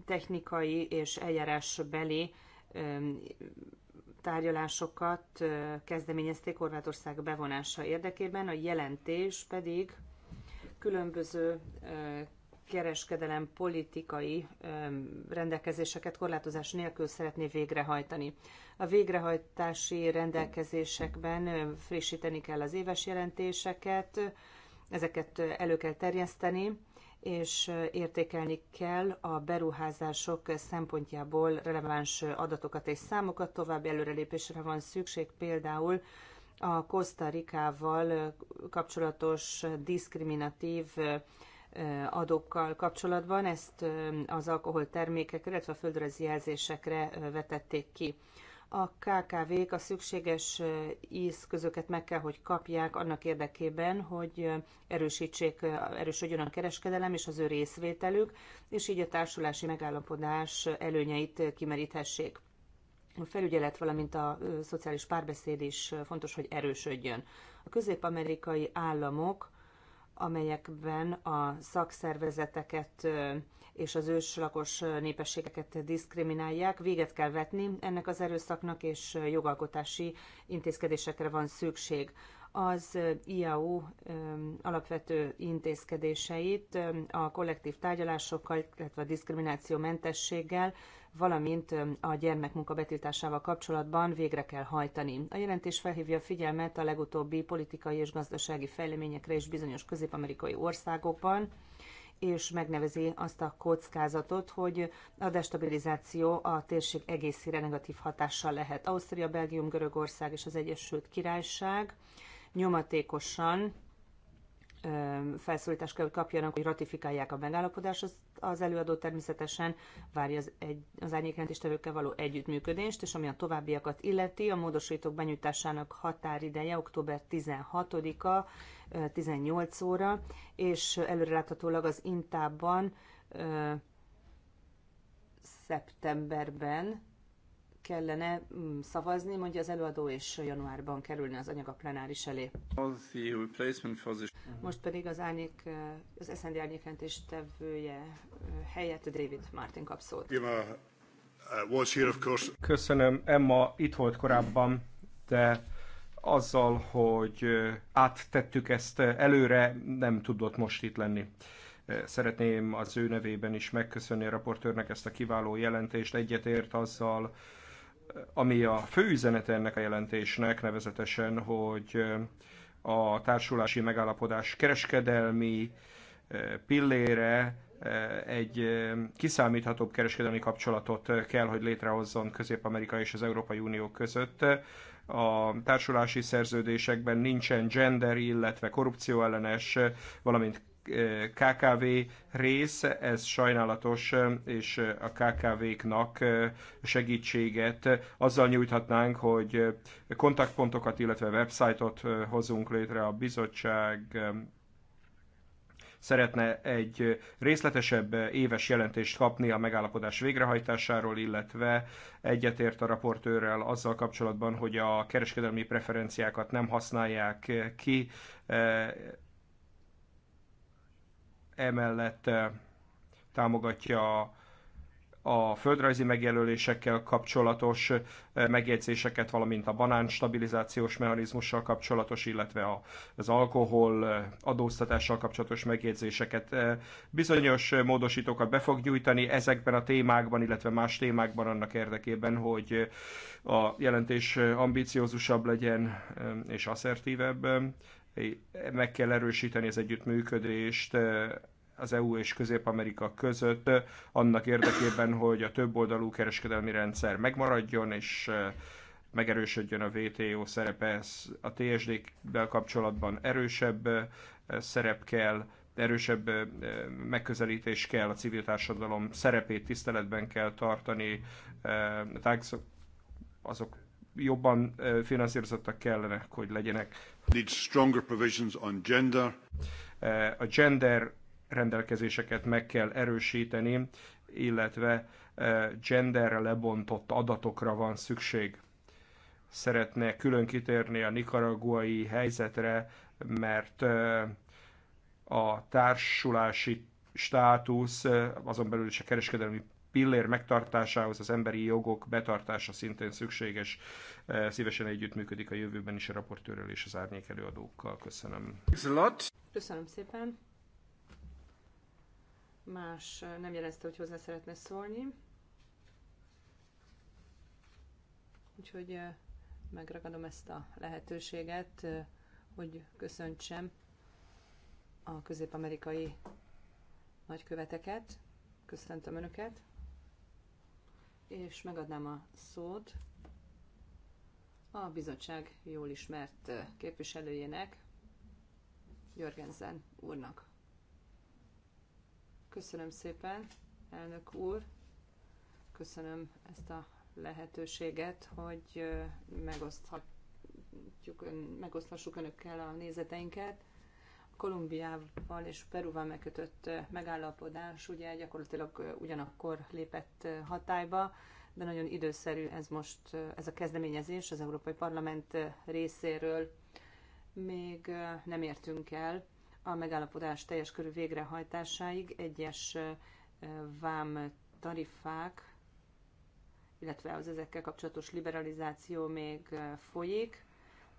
technikai és eljárásbeli tárgyalásokat kezdeményezték Horvátország bevonása érdekében, a jelentés pedig különböző kereskedelem politikai rendelkezéseket korlátozás nélkül szeretné végrehajtani. A végrehajtási rendelkezésekben frissíteni kell az éves jelentéseket, Ezeket elő kell terjeszteni, és értékelni kell a beruházások szempontjából releváns adatokat és számokat. További előrelépésre van szükség például a Costa Ricával kapcsolatos diszkriminatív adókkal kapcsolatban. Ezt az alkoholtermékekre, illetve a földrajzi jelzésekre vetették ki a KKV-k a szükséges ízközöket meg kell, hogy kapják annak érdekében, hogy erősítsék, erősödjön a kereskedelem és az ő részvételük, és így a társulási megállapodás előnyeit kimeríthessék. A felügyelet, valamint a szociális párbeszéd is fontos, hogy erősödjön. A közép-amerikai államok, amelyekben a szakszervezeteket és az őslakos népességeket diszkriminálják. Véget kell vetni ennek az erőszaknak, és jogalkotási intézkedésekre van szükség az IAU alapvető intézkedéseit a kollektív tárgyalásokkal, illetve a mentességgel valamint a gyermekmunka betiltásával kapcsolatban végre kell hajtani. A jelentés felhívja a figyelmet a legutóbbi politikai és gazdasági fejleményekre és bizonyos közép-amerikai országokban, és megnevezi azt a kockázatot, hogy a destabilizáció a térség egészére negatív hatással lehet. Ausztria, Belgium, Görögország és az Egyesült Királyság nyomatékosan felszólítást kell, hogy kapjanak, hogy ratifikálják a megállapodást. Az az előadó természetesen várja az, egy, az árnyékjelentéstevőkkel való együttműködést, és ami a továbbiakat illeti, a módosítók benyújtásának határideje október 16-a, 18 óra, és előreláthatólag az Intában szeptemberben kellene mm, szavazni, mondja az előadó, és januárban kerülne az anyag a plenáris elé. Most pedig az, árnyék, eh, az SZND árnyékentés tevője eh, helyett David Martin kap szót.
Eh, Köszönöm, Emma itt volt korábban, de azzal, hogy áttettük ezt előre, nem tudott most itt lenni. Szeretném az ő nevében is megköszönni a raportőrnek ezt a kiváló jelentést, egyetért azzal, ami a fő üzenet ennek a jelentésnek, nevezetesen, hogy eh, a társulási megállapodás kereskedelmi eh, pillére eh, egy kiszámíthatóbb kereskedelmi kapcsolatot kell, hogy létrehozzon Közép-Amerika és az Európai Unió között. A társulási szerződésekben nincsen gender, illetve ellenes valamint KKV rész, ez sajnálatos, és a KKV-knak segítséget azzal nyújthatnánk, hogy kontaktpontokat, illetve websájtot hozunk létre a bizottság szeretne egy részletesebb éves jelentést kapni a megállapodás végrehajtásáról, illetve egyetért a raportőrrel azzal kapcsolatban, hogy a kereskedelmi preferenciákat nem használják ki emellett eh, támogatja a földrajzi megjelölésekkel kapcsolatos eh, megjegyzéseket, valamint a banán stabilizációs mechanizmussal kapcsolatos, illetve az alkohol eh, adóztatással kapcsolatos megjegyzéseket. Bizonyos módosítókat be fog gyújtani ezekben a témákban, illetve más témákban annak érdekében, hogy a jelentés ambiciózusabb legyen és asszertívebb meg kell erősíteni az együttműködést eh, az EU és Közép-Amerika között eh, annak érdekében, hogy a többoldalú kereskedelmi rendszer megmaradjon, és eh, megerősödjön a WTO szerepe. Ez a TSD-vel kapcsolatban erősebb szerep kell, erősebb megközelítés kell, a civil társadalom szerepét tiszteletben kell tartani, azok jobban finanszírozottak kellene, hogy legyenek. Need stronger provisions on gender. A gender rendelkezéseket meg kell erősíteni, illetve genderre lebontott adatokra van szükség. Szeretne külön kitérni a nikaraguai helyzetre, mert a társulási státusz, azon belül is a kereskedelmi pillér megtartásához az emberi jogok betartása szintén szükséges. Eh, szívesen együttműködik a jövőben is a raportőrrel és az árnyék előadókkal. Köszönöm.
Köszönöm szépen. Más eh, nem jelezte, hogy hozzá szeretne szólni. Úgyhogy eh, megragadom ezt a lehetőséget, hogy köszöntsem a közép-amerikai nagyköveteket. Köszöntöm Önöket! és megadnám a szót a bizottság jól ismert képviselőjének, Jörgensen úrnak. Köszönöm szépen, elnök úr, köszönöm ezt a lehetőséget, hogy megoszthatjuk, megoszthassuk önökkel a nézeteinket. Kolumbiával és Peruval megkötött megállapodás ugye gyakorlatilag ugyanakkor lépett hatályba, de nagyon időszerű ez most, ez a kezdeményezés az Európai Parlament részéről. Még nem értünk el a megállapodás teljes körű végrehajtásáig. Egyes vám tarifák, illetve az ezekkel kapcsolatos liberalizáció még folyik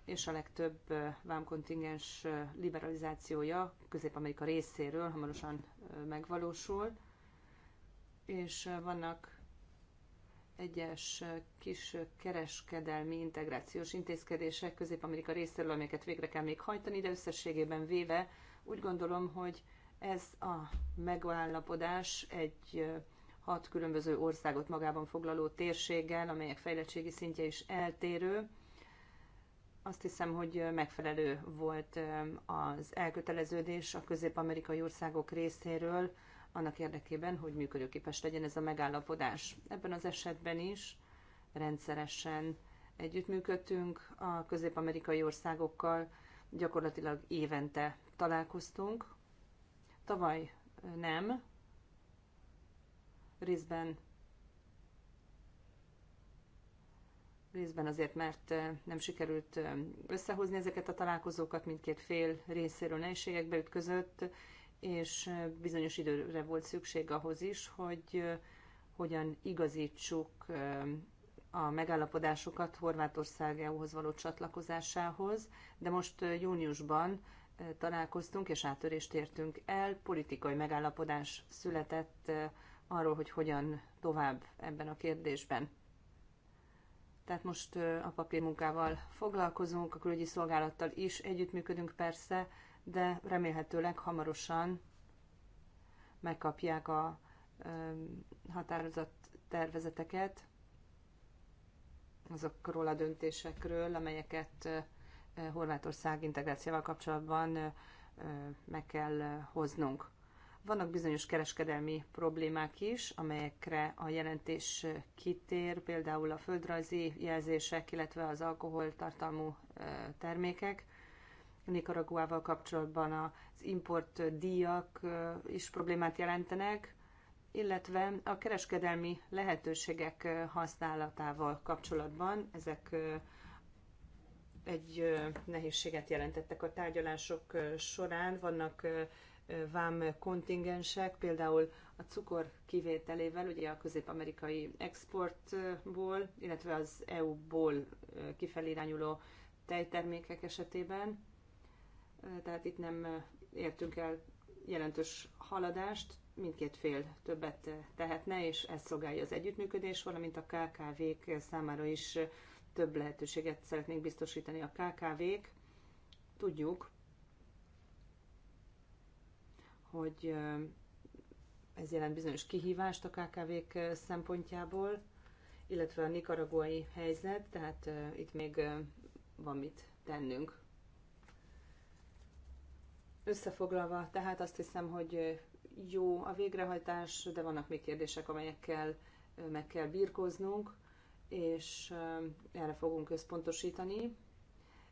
és a legtöbb vámkontingens liberalizációja Közép-Amerika részéről hamarosan megvalósul, és vannak egyes kis kereskedelmi integrációs intézkedések Közép-Amerika részéről, amelyeket végre kell még hajtani, de összességében véve úgy gondolom, hogy ez a megállapodás egy hat különböző országot magában foglaló térséggel, amelyek fejlettségi szintje is eltérő, azt hiszem, hogy megfelelő volt az elköteleződés a közép-amerikai országok részéről annak érdekében, hogy működőképes legyen ez a megállapodás. Ebben az esetben is rendszeresen együttműködtünk a közép-amerikai országokkal, gyakorlatilag évente találkoztunk. Tavaly nem, részben részben azért, mert nem sikerült összehozni ezeket a találkozókat, mindkét fél részéről nehézségekbe ütközött, és bizonyos időre volt szükség ahhoz is, hogy hogyan igazítsuk a megállapodásokat Horvátország EU-hoz való csatlakozásához, de most júniusban találkoztunk és átörést értünk el, politikai megállapodás született arról, hogy hogyan tovább ebben a kérdésben. Tehát most a papírmunkával foglalkozunk, a külügyi szolgálattal is együttműködünk persze, de remélhetőleg hamarosan megkapják a határozat tervezeteket azokról a döntésekről, amelyeket Horvátország integrációval kapcsolatban meg kell hoznunk. Vannak bizonyos kereskedelmi problémák is, amelyekre a jelentés kitér, például a földrajzi jelzések, illetve az alkoholtartalmú termékek. Nicaraguával kapcsolatban az import díjak is problémát jelentenek, illetve a kereskedelmi lehetőségek használatával kapcsolatban ezek egy nehézséget jelentettek a tárgyalások során. Vannak vámkontingensek például a cukor kivételével, ugye a közép-amerikai exportból, illetve az EU-ból kifelé irányuló tejtermékek esetében. Tehát itt nem értünk el jelentős haladást, mindkét fél többet tehetne, és ez szolgálja az együttműködés, valamint a KKV-k számára is több lehetőséget szeretnénk biztosítani. A KKV-k, tudjuk, hogy ez jelent bizonyos kihívást a KKV-k szempontjából, illetve a nikaraguai helyzet, tehát itt még van mit tennünk. Összefoglalva, tehát azt hiszem, hogy jó a végrehajtás, de vannak még kérdések, amelyekkel meg kell birkóznunk, és erre fogunk összpontosítani.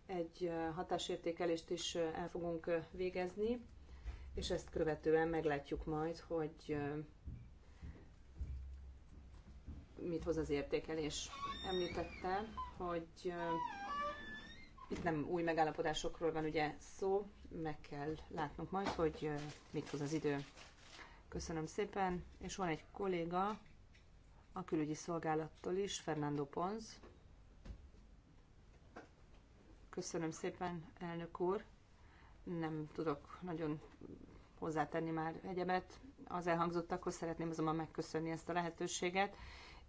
Egy hatásértékelést is el fogunk végezni és ezt követően meglátjuk majd, hogy mit hoz az értékelés. Említette, hogy itt nem új megállapodásokról van ugye szó, meg kell látnunk majd, hogy mit hoz az idő. Köszönöm szépen, és van egy kolléga a külügyi szolgálattól is, Fernando Pons. Köszönöm szépen, elnök úr nem tudok nagyon hozzátenni már egyebet az elhangzottakhoz, szeretném azonban megköszönni ezt a lehetőséget,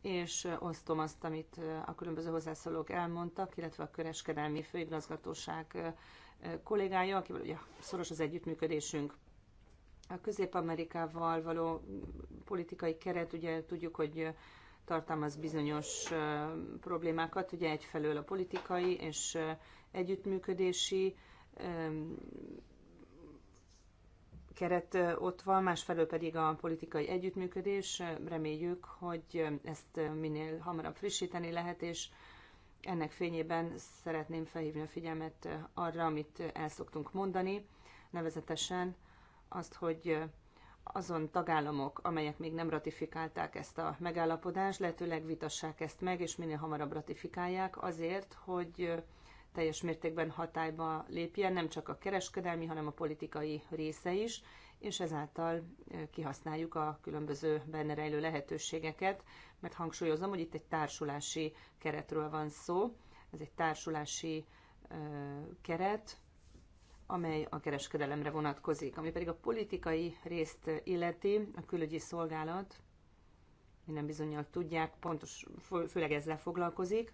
és osztom azt, amit a különböző hozzászólók elmondtak, illetve a Kereskedelmi Főigazgatóság kollégája, akivel ugye szoros az együttműködésünk. A Közép-Amerikával való politikai keret, ugye tudjuk, hogy tartalmaz bizonyos problémákat, ugye egyfelől a politikai és együttműködési keret ott van, másfelől pedig a politikai együttműködés. Reméljük, hogy ezt minél hamarabb frissíteni lehet, és ennek fényében szeretném felhívni a figyelmet arra, amit el szoktunk mondani, nevezetesen azt, hogy azon tagállamok, amelyek még nem ratifikálták ezt a megállapodást, lehetőleg vitassák ezt meg, és minél hamarabb ratifikálják azért, hogy teljes mértékben hatályba lépjen, nem csak a kereskedelmi, hanem a politikai része is, és ezáltal kihasználjuk a különböző benne rejlő lehetőségeket, mert hangsúlyozom, hogy itt egy társulási keretről van szó, ez egy társulási keret, amely a kereskedelemre vonatkozik. Ami pedig a politikai részt illeti, a külügyi szolgálat, minden bizonyal tudják, pontos, főleg ezzel foglalkozik,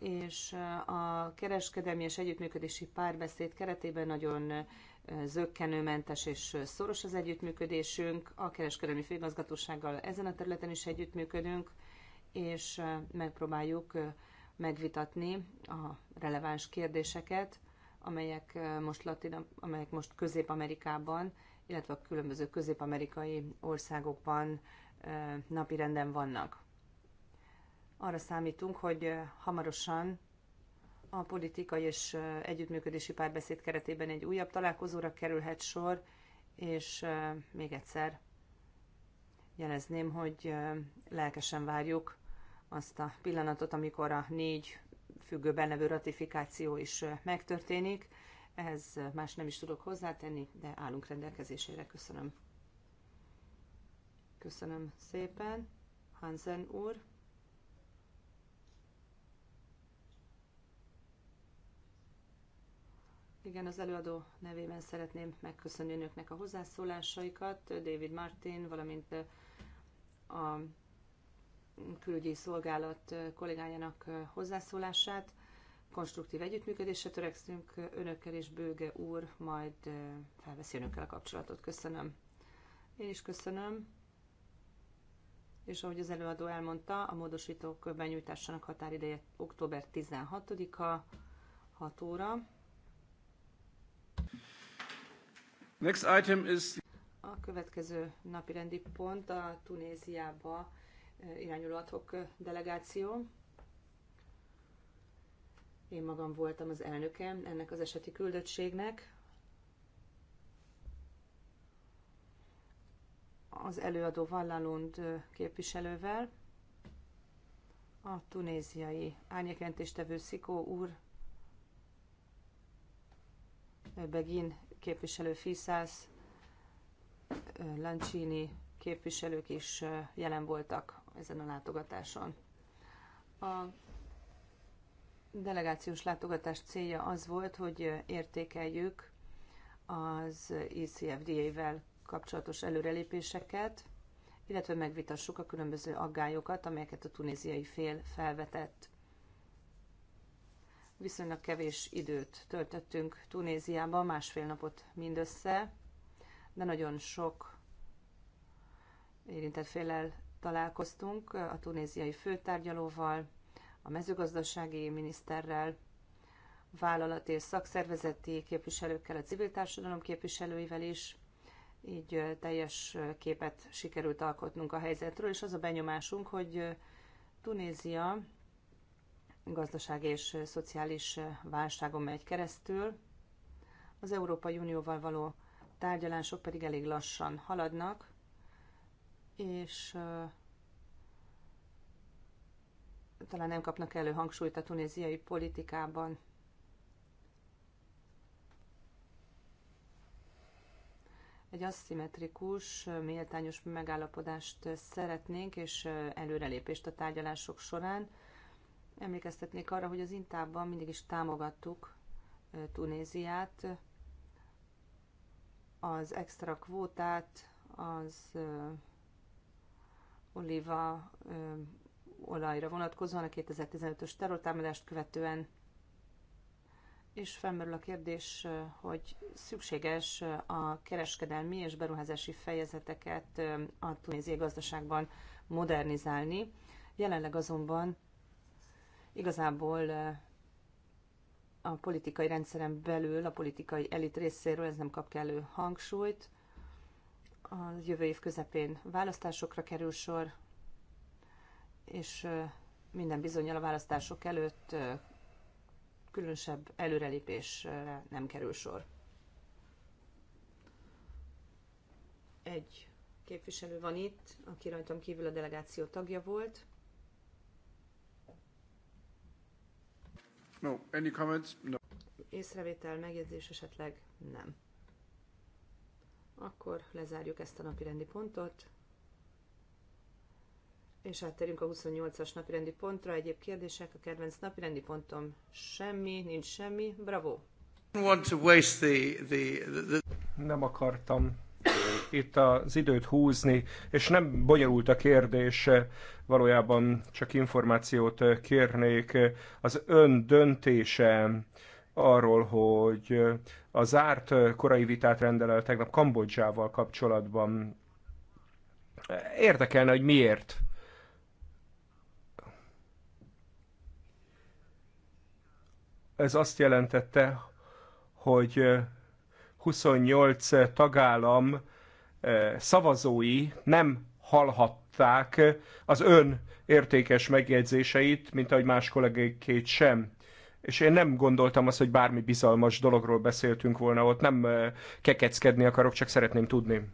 és a kereskedelmi és együttműködési párbeszéd keretében nagyon zöggenőmentes és szoros az együttműködésünk. A kereskedelmi főigazgatósággal ezen a területen is együttműködünk, és megpróbáljuk megvitatni a releváns kérdéseket, amelyek most, Latina, amelyek most Közép-Amerikában, illetve a különböző közép-amerikai országokban napirenden vannak. Arra számítunk, hogy hamarosan a politikai és együttműködési párbeszéd keretében egy újabb találkozóra kerülhet sor, és még egyszer jelezném, hogy lelkesen várjuk azt a pillanatot, amikor a négy függőben levő ratifikáció is megtörténik. Ehhez más nem is tudok hozzátenni, de állunk rendelkezésére. Köszönöm. Köszönöm szépen, Hansen úr. Igen, az előadó nevében szeretném megköszönni önöknek a hozzászólásaikat, David Martin, valamint a külügyi szolgálat kollégájának hozzászólását. Konstruktív együttműködésre törekszünk önökkel, és Bőge úr majd felveszi önökkel a kapcsolatot. Köszönöm. Én is köszönöm. És ahogy az előadó elmondta, a módosítók benyújtásának határideje október 16-a, 6 óra.
Next item is...
A következő napi rendi pont a Tunéziába irányuló adhok delegáció. Én magam voltam az elnöke ennek az eseti küldöttségnek. Az előadó Vallalund képviselővel, a tunéziai árnyékentéstevő Szikó úr, Begin képviselő Fiszász, Lancini képviselők is jelen voltak ezen a látogatáson. A delegációs látogatás célja az volt, hogy értékeljük az ICFDA-vel kapcsolatos előrelépéseket, illetve megvitassuk a különböző aggályokat, amelyeket a tunéziai fél felvetett. Viszonylag kevés időt töltöttünk Tunéziában, másfél napot mindössze, de nagyon sok érintett félel találkoztunk a tunéziai főtárgyalóval, a mezőgazdasági miniszterrel, vállalat és szakszervezeti képviselőkkel, a civil társadalom képviselőivel is. Így teljes képet sikerült alkotnunk a helyzetről, és az a benyomásunk, hogy Tunézia gazdaság és szociális válságon megy keresztül, az Európai Unióval való tárgyalások pedig elég lassan haladnak, és talán nem kapnak elő hangsúlyt a tunéziai politikában. Egy aszimmetrikus, méltányos megállapodást szeretnénk, és előrelépést a tárgyalások során. Emlékeztetnék arra, hogy az Intában mindig is támogattuk Tunéziát, az extra kvótát, az oliva olajra vonatkozóan a 2015-ös terrortámadást követően, és felmerül a kérdés, hogy szükséges a kereskedelmi és beruházási fejezeteket a tunéziai gazdaságban modernizálni. Jelenleg azonban Igazából eh, a politikai rendszeren belül, a politikai elit részéről ez nem kap kellő hangsúlyt. A jövő év közepén választásokra kerül sor, és eh, minden bizonyal a választások előtt eh, különösebb előrelépésre nem kerül sor. Egy képviselő van itt, aki rajtam kívül a delegáció tagja volt.
No. Any comments? No.
Észrevétel, megjegyzés esetleg nem. Akkor lezárjuk ezt a napirendi pontot. És átterünk a 28-as napirendi pontra. Egyéb kérdések, a kedvenc napirendi pontom semmi, nincs semmi. Bravo!
Nem akartam itt az időt húzni, és nem bonyolult a kérdés, valójában csak információt kérnék az ön döntése arról, hogy a zárt korai vitát rendel el tegnap Kambodzsával kapcsolatban. Érdekelne, hogy miért? Ez azt jelentette, hogy 28 tagállam szavazói nem hallhatták az ön értékes megjegyzéseit, mint ahogy más kollégékét sem. És én nem gondoltam azt, hogy bármi bizalmas dologról beszéltünk volna ott, nem kekeckedni akarok, csak szeretném tudni.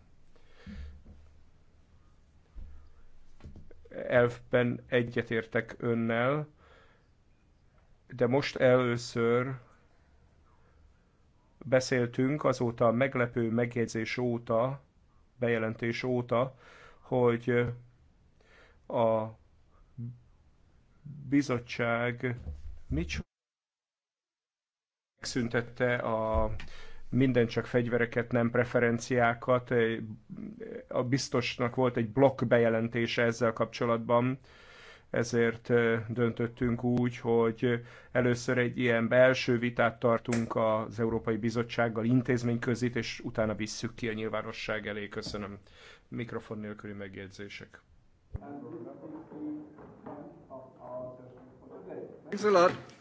Elfben egyetértek önnel, de most először beszéltünk azóta a meglepő megjegyzés óta, bejelentés óta, hogy a bizottság mit megszüntette a minden csak fegyvereket, nem preferenciákat. A biztosnak volt egy blokk bejelentése ezzel kapcsolatban, ezért döntöttünk úgy, hogy először egy ilyen belső vitát tartunk az Európai Bizottsággal intézményközi, és utána visszük ki a nyilvánosság elé. Köszönöm. Mikrofon nélküli megjegyzések. Thanks a
lot.